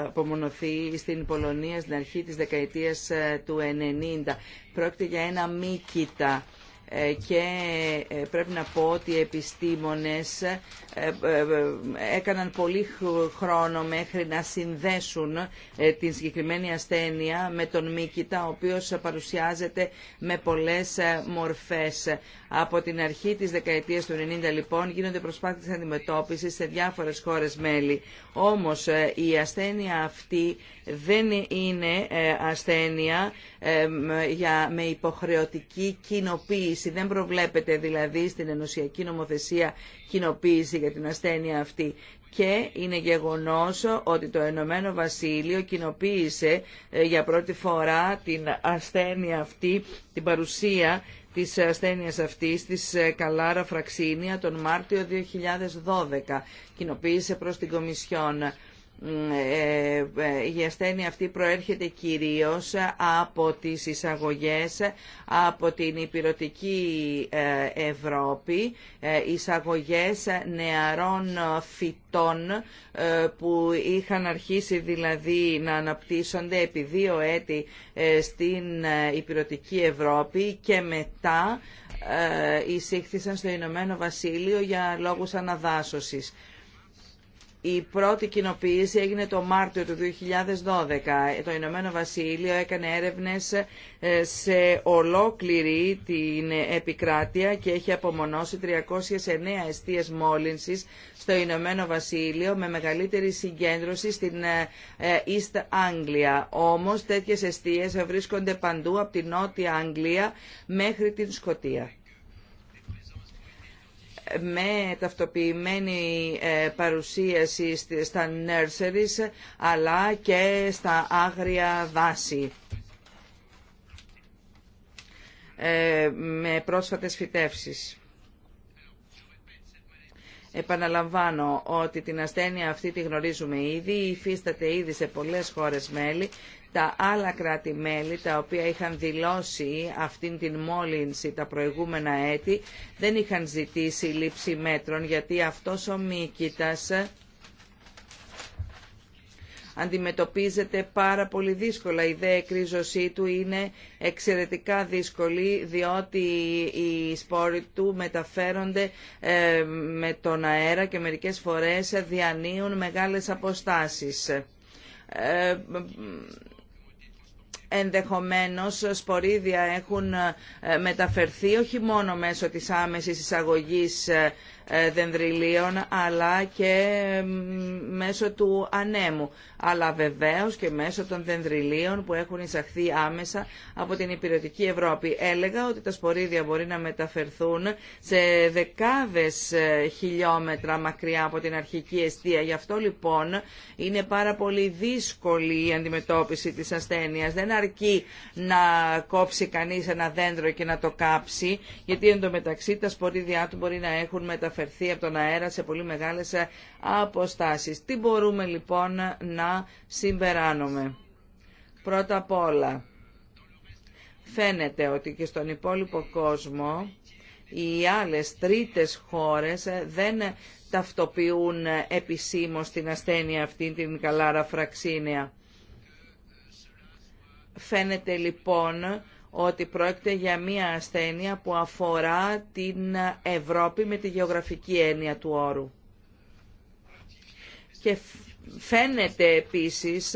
απομονωθεί στην Πολωνία στην αρχή της δεκαετίας του 90. Πρόκειται για ένα μήκητα ε, και ε, πρέπει να πω ότι οι επιστήμονες ε, έκαναν πολύ χρόνο μέχρι να συνδέσουν την συγκεκριμένη ασθένεια με τον Μίκητα, ο οποίος παρουσιάζεται με πολλές μορφές. Από την αρχή της δεκαετίας του 90 λοιπόν γίνονται προσπάθειες αντιμετώπισης σε διάφορες χώρες μέλη. Όμως η ασθένεια αυτή δεν είναι ασθένεια με υποχρεωτική κοινοποίηση δεν προβλέπεται δηλαδή στην ενωσιακή νομοθεσία κοινοποίηση για την ασθένεια αυτή. Και είναι γεγονός ότι το Ενωμένο Βασίλειο κοινοποίησε ε, για πρώτη φορά την ασθένεια αυτή, την παρουσία της ασθένειας αυτής της ε, Καλάρα Φραξίνια τον Μάρτιο 2012. Κοινοποίησε προς την Κομισιόν ε, ε, η ασθένεια αυτή προέρχεται κυρίως από τις εισαγωγές από την υπηρετική ε, Ευρώπη, εισαγωγές νεαρών φυτών που είχαν αρχίσει δηλαδή να αναπτύσσονται επί δύο έτη στην υπηρετική Ευρώπη και μετά εισήχθησαν στο Ηνωμένο Βασίλειο για λόγους αναδάσωσης. Η πρώτη κοινοποίηση έγινε το Μάρτιο του 2012. Το Ηνωμένο Βασίλειο έκανε έρευνες ε, σε ολόκληρη την επικράτεια και έχει απομονώσει 309 εστίες μόλυνσης στο Ηνωμένο Βασίλειο με μεγαλύτερη συγκέντρωση στην ε, ε, East Anglia. Όμως τέτοιες εστίες βρίσκονται παντού από την Νότια Αγγλία μέχρι την Σκοτία με ταυτοποιημένη ε, παρουσίαση στα nurseries αλλά και στα άγρια δάση ε, με πρόσφατες φυτεύσεις. Επαναλαμβάνω ότι την ασθένεια αυτή τη γνωρίζουμε ήδη, υφίσταται ήδη σε πολλές χώρες μέλη τα άλλα κράτη-μέλη τα οποία είχαν δηλώσει αυτήν την μόλυνση τα προηγούμενα έτη δεν είχαν ζητήσει λήψη μέτρων γιατί αυτός ο μήκητας αντιμετωπίζεται πάρα πολύ δύσκολα. Η δε εκρίζωσή του είναι εξαιρετικά δύσκολη διότι οι σπόροι του μεταφέρονται ε, με τον αέρα και μερικές φορές διανύουν μεγάλες αποστάσεις. Ε, ενδεχομένως σπορίδια έχουν ε, μεταφερθεί όχι μόνο μέσω της άμεσης εισαγωγής ε, ε, δενδριλίων αλλά και μέσω του ανέμου αλλά βεβαίως και μέσω των δενδριλίων που έχουν εισαχθεί άμεσα από την υπηρετική Ευρώπη. Έλεγα ότι τα σπορίδια μπορεί να μεταφερθούν σε δεκάδες ε, χιλιόμετρα μακριά από την αρχική αιστεία. Γι' αυτό λοιπόν είναι πάρα πολύ δύσκολη η αντιμετώπιση της ασθένειας. Δεν αρκεί να κόψει κανείς ένα δέντρο και να το κάψει γιατί εντωμεταξύ τα σπορίδια του μπορεί να έχουν μεταφερθεί μεταφερθεί από τον αέρα σε πολύ μεγάλες ε, αποστάσεις. Τι μπορούμε λοιπόν να συμπεράνουμε. Πρώτα απ' όλα, φαίνεται ότι και στον υπόλοιπο κόσμο οι άλλες τρίτες χώρες ε, δεν ταυτοποιούν ε, επισήμως την ασθένεια αυτή, την καλάρα φραξίνια. Φαίνεται λοιπόν ότι πρόκειται για μία ασθένεια που αφορά την Ευρώπη με τη γεωγραφική έννοια του όρου. Και φαίνεται επίσης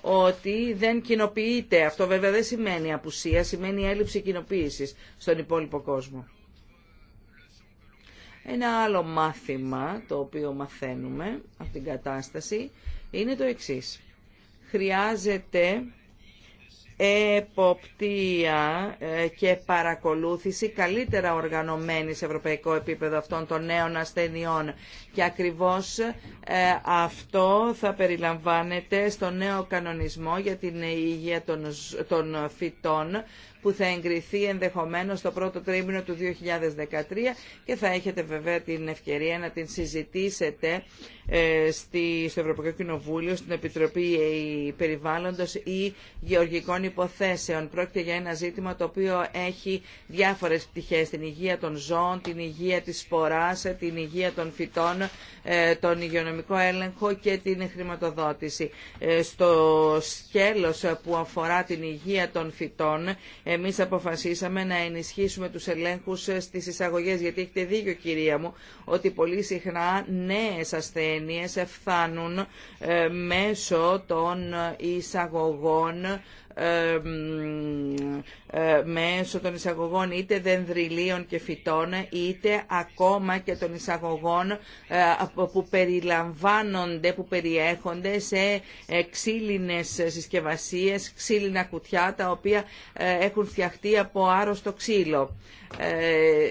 ότι δεν κοινοποιείται. Αυτό βέβαια δεν σημαίνει απουσία, σημαίνει έλλειψη κοινοποίηση στον υπόλοιπο κόσμο. Ένα άλλο μάθημα το οποίο μαθαίνουμε από την κατάσταση είναι το εξής. Χρειάζεται εποπτεία ε, και παρακολούθηση καλύτερα οργανωμένη σε ευρωπαϊκό επίπεδο αυτών των νέων ασθενειών. Και ακριβώς ε, αυτό θα περιλαμβάνεται στο νέο κανονισμό για την υγεία των φυτών που θα εγκριθεί ενδεχομένως το πρώτο τρίμηνο του 2013 και θα έχετε βέβαια την ευκαιρία να την συζητήσετε ε, στη, στο Ευρωπαϊκό Κοινοβούλιο, στην Επιτροπή ε, Περιβάλλοντος ή Γεωργικών Υποθέσεων. Πρόκειται για ένα ζήτημα το οποίο έχει διάφορες πτυχές, την υγεία των ζώων, την υγεία της σποράς, την υγεία των φυτών, ε, τον υγειονομικό έλεγχο και την χρηματοδότηση. Στο σκέλος που αφορά την υγεία των φυτών εμείς αποφασίσαμε να ενισχύσουμε τους ελέγχους στις εισαγωγές, γιατί έχετε δίκιο κυρία μου, ότι πολύ συχνά νέες ασθένειες φθάνουν ε, μέσω των εισαγωγών ε, μέσω των εισαγωγών είτε δενδριλίων και φυτών είτε ακόμα και των εισαγωγών ε, που περιλαμβάνονται, που περιέχονται σε ε, ξύλινες συσκευασίες, ξύλινα κουτιά τα οποία έχουν φτιαχτεί από άρρωστο ξύλο. Ε,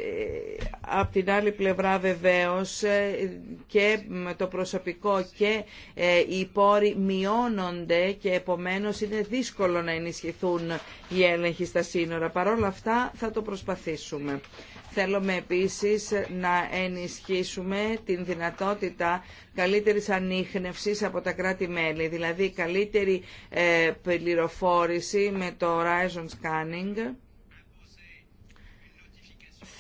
απ' την άλλη πλευρά βεβαίως ε, και το προσωπικό και ε, οι πόροι μειώνονται και επομένως είναι δύσκολο να ενισχυθούν οι έλεγχοι στα σύνορα. Παρ' αυτά θα το προσπαθήσουμε. Θέλουμε επίσης να ενισχύσουμε την δυνατότητα καλύτερης ανείχνευσης από τα κράτη-μέλη, δηλαδή καλύτερη πληροφόρηση με το Horizon Scanning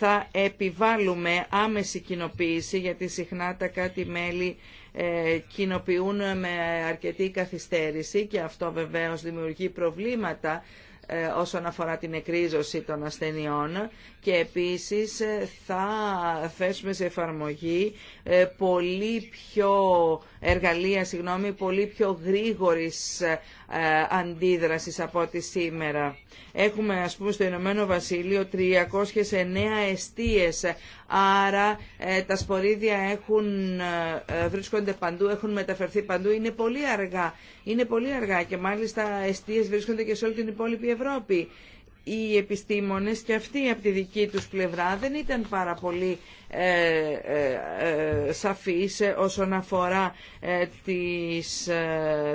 θα επιβάλλουμε άμεση κοινοποίηση, γιατί συχνά τα κάτι μέλη ε, κοινοποιούν με αρκετή καθυστέρηση και αυτό βεβαίως δημιουργεί προβλήματα ε, όσον αφορά την εκρίζωση των ασθενειών και επίσης ε, θα θέσουμε σε εφαρμογή ε, πολύ πιο εργαλεία, συγγνώμη, πολύ πιο γρήγορης ε, αντίδρασης από ό,τι σήμερα. Έχουμε ας πούμε στο Ηνωμένο Βασίλειο 309 εστίες, άρα τα σπορίδια έχουν, βρίσκονται παντού, έχουν μεταφερθεί παντού, είναι πολύ αργά. Είναι πολύ αργά και μάλιστα εστίες βρίσκονται και σε όλη την υπόλοιπη Ευρώπη οι επιστήμονες και αυτοί από τη δική τους πλευρά δεν ήταν πάρα πολύ ε, ε, ε, σαφής όσον αφορά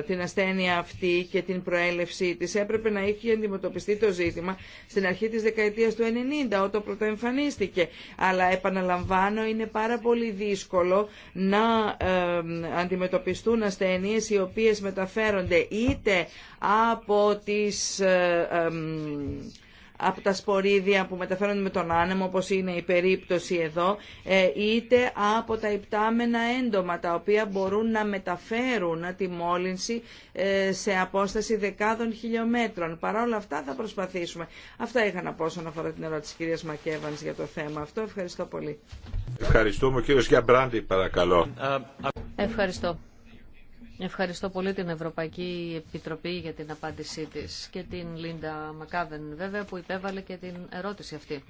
την ασθένεια αυτή και την προέλευσή της. Έπρεπε να είχε αντιμετωπιστεί το ζήτημα στην αρχή της δεκαετίας του 90 όταν πρωτοεμφανίστηκε. Αλλά επαναλαμβάνω είναι πάρα πολύ δύσκολο να αντιμετωπιστούν ασθένειες οι οποίες μεταφέρονται είτε από τις από τα σπορίδια που μεταφέρονται με τον άνεμο, όπως είναι η περίπτωση εδώ, ε, είτε από τα υπτάμενα έντομα, τα οποία μπορούν να μεταφέρουν τη μόλυνση ε, σε απόσταση δεκάδων χιλιόμετρων. Παρά όλα αυτά θα προσπαθήσουμε. Αυτά είχα να πω όσον αφορά την ερώτηση κυρίας Μακέβανς για το θέμα αυτό. Ευχαριστώ πολύ. Ευχαριστούμε. κύριος Γιαμπράντη, παρακαλώ. Ε, Ευχαριστώ. Ευχαριστώ πολύ την Ευρωπαϊκή Επιτροπή για την απάντησή της και την Λίντα Μακάβεν βέβαια που υπέβαλε και την ερώτηση αυτή.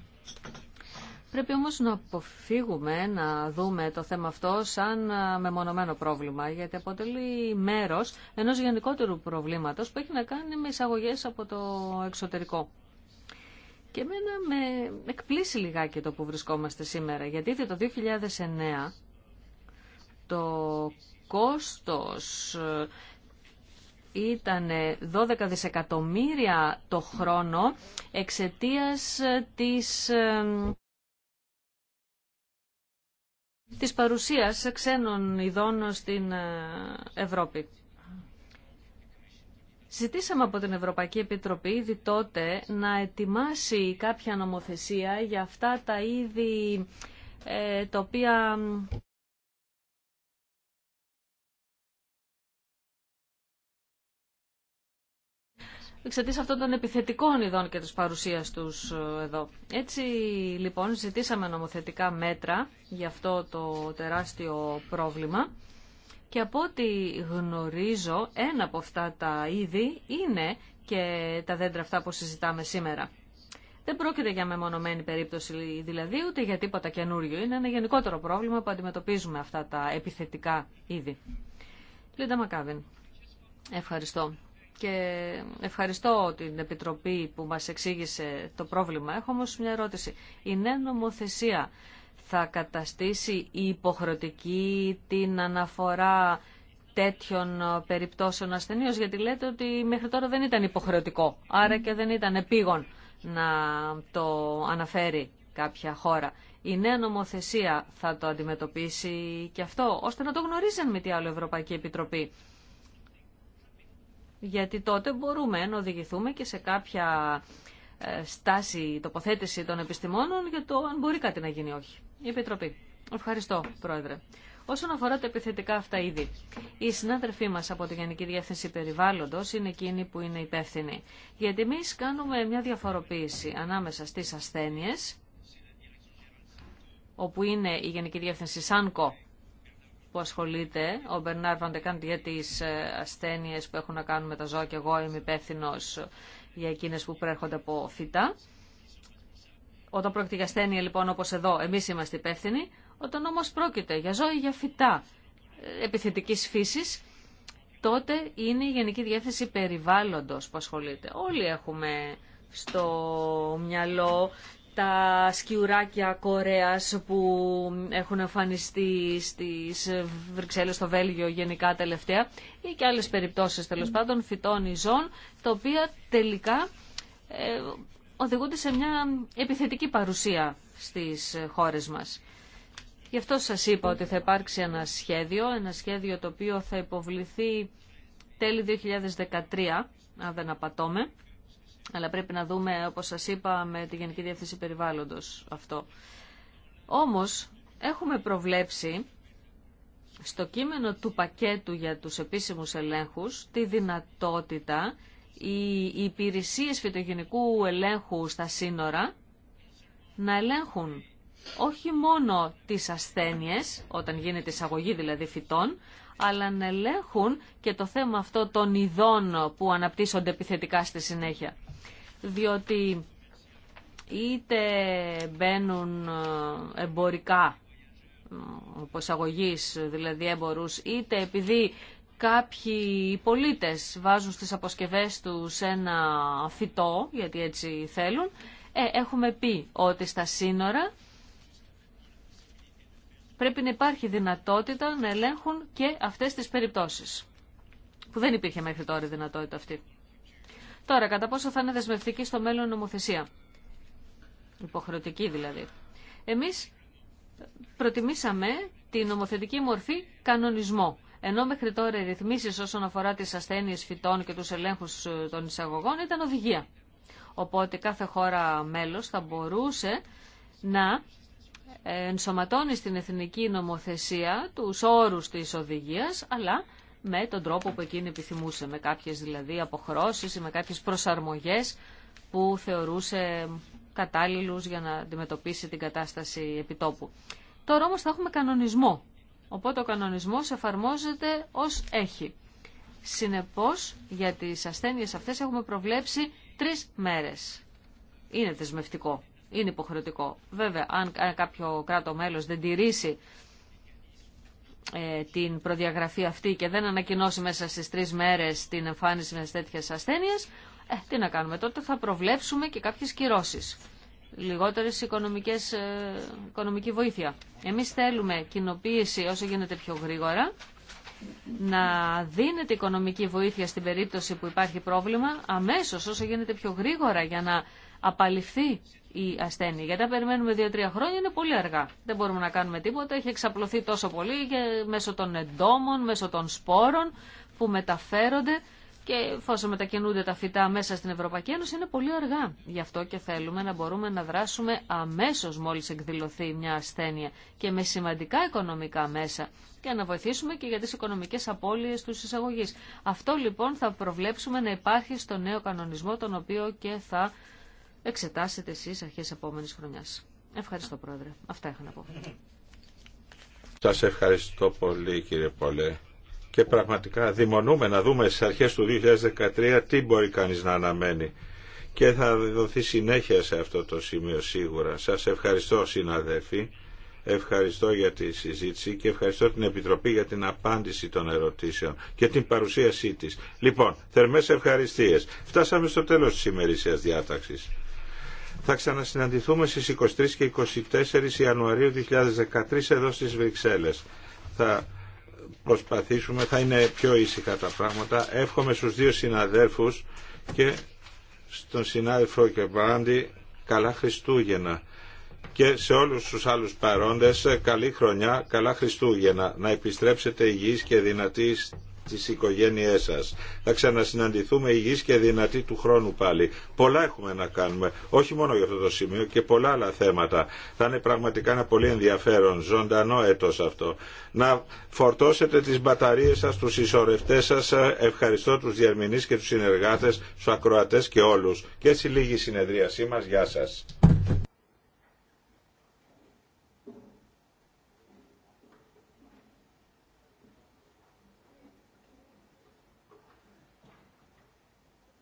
Πρέπει όμως να αποφύγουμε να δούμε το θέμα αυτό σαν μεμονωμένο πρόβλημα, γιατί αποτελεί μέρος ενός γενικότερου προβλήματος που έχει να κάνει με εισαγωγές από το εξωτερικό. Και εμένα με εκπλήσει λιγάκι το που βρισκόμαστε σήμερα, γιατί το 2009 το κόστος ε, ήταν 12 δισεκατομμύρια το χρόνο εξαιτίας ε, της, ε, της παρουσίας ξένων ειδών στην Ευρώπη. Ζητήσαμε από την Ευρωπαϊκή Επιτροπή ήδη τότε να ετοιμάσει κάποια νομοθεσία για αυτά τα είδη ε, οποία εξαιτία αυτών των επιθετικών ειδών και τη παρουσία τους ε, εδώ. Έτσι λοιπόν ζητήσαμε νομοθετικά μέτρα για αυτό το τεράστιο πρόβλημα και από ό,τι γνωρίζω ένα από αυτά τα είδη είναι και τα δέντρα αυτά που συζητάμε σήμερα. Δεν πρόκειται για μεμονωμένη περίπτωση δηλαδή, ούτε για τίποτα καινούριο. Είναι ένα γενικότερο πρόβλημα που αντιμετωπίζουμε αυτά τα επιθετικά είδη. Λίντα Μακάβιν, ευχαριστώ και ευχαριστώ την Επιτροπή που μας εξήγησε το πρόβλημα. Έχω όμως μια ερώτηση. Η νέα νομοθεσία θα καταστήσει η υποχρεωτική την αναφορά τέτοιων περιπτώσεων ασθενείως, γιατί λέτε ότι μέχρι τώρα δεν ήταν υποχρεωτικό, άρα και δεν ήταν επίγον να το αναφέρει κάποια χώρα. Η νέα νομοθεσία θα το αντιμετωπίσει και αυτό, ώστε να το γνωρίζει με τι άλλο Ευρωπαϊκή Επιτροπή γιατί τότε μπορούμε να οδηγηθούμε και σε κάποια ε, στάση, τοποθέτηση των επιστημόνων για το αν μπορεί κάτι να γίνει όχι. Η Επιτροπή. Ευχαριστώ, Πρόεδρε. Όσον αφορά τα επιθετικά αυτά είδη, οι συνάδελφοί μα από τη Γενική Διεύθυνση Περιβάλλοντο είναι εκείνοι που είναι υπεύθυνοι. Γιατί εμεί κάνουμε μια διαφοροποίηση ανάμεσα στι ασθένειε, όπου είναι η Γενική Διεύθυνση ΣΑΝΚΟ που ασχολείται, ο Μπερνάρ Βαντεκάντ, για τι ε, ασθένειε που έχουν να κάνουν με τα ζώα και εγώ είμαι υπεύθυνο για εκείνε που προέρχονται από φυτά. Όταν πρόκειται για ασθένεια λοιπόν όπως εδώ εμείς είμαστε υπεύθυνοι, όταν όμω πρόκειται για ζώα ή για φυτά ε, επιθετικής φύσης, τότε είναι η για φυτα επιθετική φύση, Διεύθυνση γενικη διευθυνση περιβάλλοντο που ασχολείται. Όλοι έχουμε στο μυαλό τα σκιουράκια Κορέας που έχουν εμφανιστεί στις Βρυξέλλες, στο Βέλγιο γενικά τελευταία ή και άλλες περιπτώσεις τέλος πάντων φυτών ή ζών, τα οποία τελικά ε, οδηγούνται σε μια επιθετική παρουσία στις χώρες μας. Γι' αυτό σας είπα ότι θα υπάρξει ένα σχέδιο, ένα σχέδιο το οποίο θα υποβληθεί τέλη 2013, αν δεν απατώμε, αλλά πρέπει να δούμε, όπως σας είπα, με τη Γενική Διεύθυνση Περιβάλλοντος αυτό. Όμως, έχουμε προβλέψει στο κείμενο του πακέτου για τους επίσημους ελέγχους τη δυνατότητα οι υπηρεσίες φυτογενικού ελέγχου στα σύνορα να ελέγχουν όχι μόνο τις ασθένειες, όταν γίνεται εισαγωγή δηλαδή φυτών, αλλά να ελέγχουν και το θέμα αυτό των ειδών που αναπτύσσονται επιθετικά στη συνέχεια διότι είτε μπαίνουν ε, εμπορικά αποσαγωγής, ε, δηλαδή έμπορους, είτε επειδή κάποιοι πολίτες βάζουν στις αποσκευές τους ένα φυτό, γιατί έτσι θέλουν, ε, έχουμε πει ότι στα σύνορα πρέπει να υπάρχει δυνατότητα να ελέγχουν και αυτές τις περιπτώσεις, που δεν υπήρχε μέχρι τώρα η δυνατότητα αυτή. Τώρα, κατά πόσο θα είναι δεσμευτική στο μέλλον νομοθεσία. Υποχρεωτική δηλαδή. Εμείς προτιμήσαμε τη νομοθετική μορφή κανονισμό. Ενώ μέχρι τώρα οι ρυθμίσει όσον αφορά τι ασθένειε φυτών και του ελέγχου ε, των εισαγωγών ήταν οδηγία. Οπότε κάθε χώρα μέλο θα μπορούσε να ε, ενσωματώνει στην εθνική νομοθεσία του όρου τη οδηγία, αλλά με τον τρόπο που εκείνη επιθυμούσε, με κάποιες δηλαδή αποχρώσεις ή με κάποιες προσαρμογές που θεωρούσε κατάλληλους για να αντιμετωπίσει την κατάσταση επιτόπου. Τώρα όμως θα έχουμε κανονισμό, οπότε ο κανονισμός εφαρμόζεται ως έχει. Συνεπώς για τις ασθένειες αυτές έχουμε προβλέψει τρεις μέρες. Είναι δεσμευτικό, είναι υποχρεωτικό. Βέβαια αν κάποιο κράτο μέλος δεν τηρήσει ε, την προδιαγραφή αυτή και δεν ανακοινώσει μέσα στις τρεις μέρες την εμφάνιση με τέτοιας ασθένειας, ε, τι να κάνουμε τότε, θα προβλέψουμε και κάποιες κυρώσεις. Λιγότερες οικονομικές, ε, οικονομική βοήθεια. Εμείς θέλουμε κοινοποίηση όσο γίνεται πιο γρήγορα, να δίνεται οικονομική βοήθεια στην περίπτωση που υπάρχει πρόβλημα αμέσως όσο γίνεται πιο γρήγορα για να απαλληφθεί η ασθένεια. Γιατί αν περιμένουμε 2-3 χρόνια είναι πολύ αργά. Δεν μπορούμε να κάνουμε τίποτα. Έχει εξαπλωθεί τόσο πολύ και μέσω των εντόμων, μέσω των σπόρων που μεταφέρονται και εφόσον μετακινούνται τα φυτά μέσα στην Ευρωπαϊκή Ένωση είναι πολύ αργά. Γι' αυτό και θέλουμε να μπορούμε να δράσουμε αμέσως μόλις εκδηλωθεί μια ασθένεια και με σημαντικά οικονομικά μέσα και να βοηθήσουμε και για τις οικονομικές απώλειες του εισαγωγή. Αυτό λοιπόν θα προβλέψουμε να υπάρχει στο νέο κανονισμό τον οποίο και θα εξετάσετε εσείς αρχές επόμενης χρονιάς. Ευχαριστώ Πρόεδρε. Αυτά είχα να πω. Σας ευχαριστώ πολύ κύριε Πολέ. Και πραγματικά δημονούμε να δούμε στις αρχές του 2013 τι μπορεί κανείς να αναμένει. Και θα δοθεί συνέχεια σε αυτό το σημείο σίγουρα. Σας ευχαριστώ συναδέλφοι. Ευχαριστώ για τη συζήτηση και ευχαριστώ την Επιτροπή για την απάντηση των ερωτήσεων και την παρουσίασή της. Λοιπόν, θερμές ευχαριστίες. Φτάσαμε στο τέλος της ημερησίας διάταξης. Θα ξανασυναντηθούμε στις 23 και 24 Ιανουαρίου 2013 εδώ στις Βρυξέλλες. Θα προσπαθήσουμε, θα είναι πιο ήσυχα τα πράγματα. Εύχομαι στους δύο συναδέλφους και στον συνάδελφο και καλά Χριστούγεννα και σε όλους τους άλλους παρόντες καλή χρονιά, καλά Χριστούγεννα. Να επιστρέψετε υγιείς και δυνατοί τις οικογένειές σας. Θα ξανασυναντηθούμε υγιείς και δυνατοί του χρόνου πάλι. Πολλά έχουμε να κάνουμε, όχι μόνο για αυτό το σημείο και πολλά άλλα θέματα. Θα είναι πραγματικά ένα πολύ ενδιαφέρον, ζωντανό έτος αυτό. Να φορτώσετε τις μπαταρίες σας, τους ισορρευτές σας, ευχαριστώ τους διερμηνείς και τους συνεργάτες, τους ακροατές και όλους. Και έτσι λίγη συνεδρίασή μας. Γεια σας.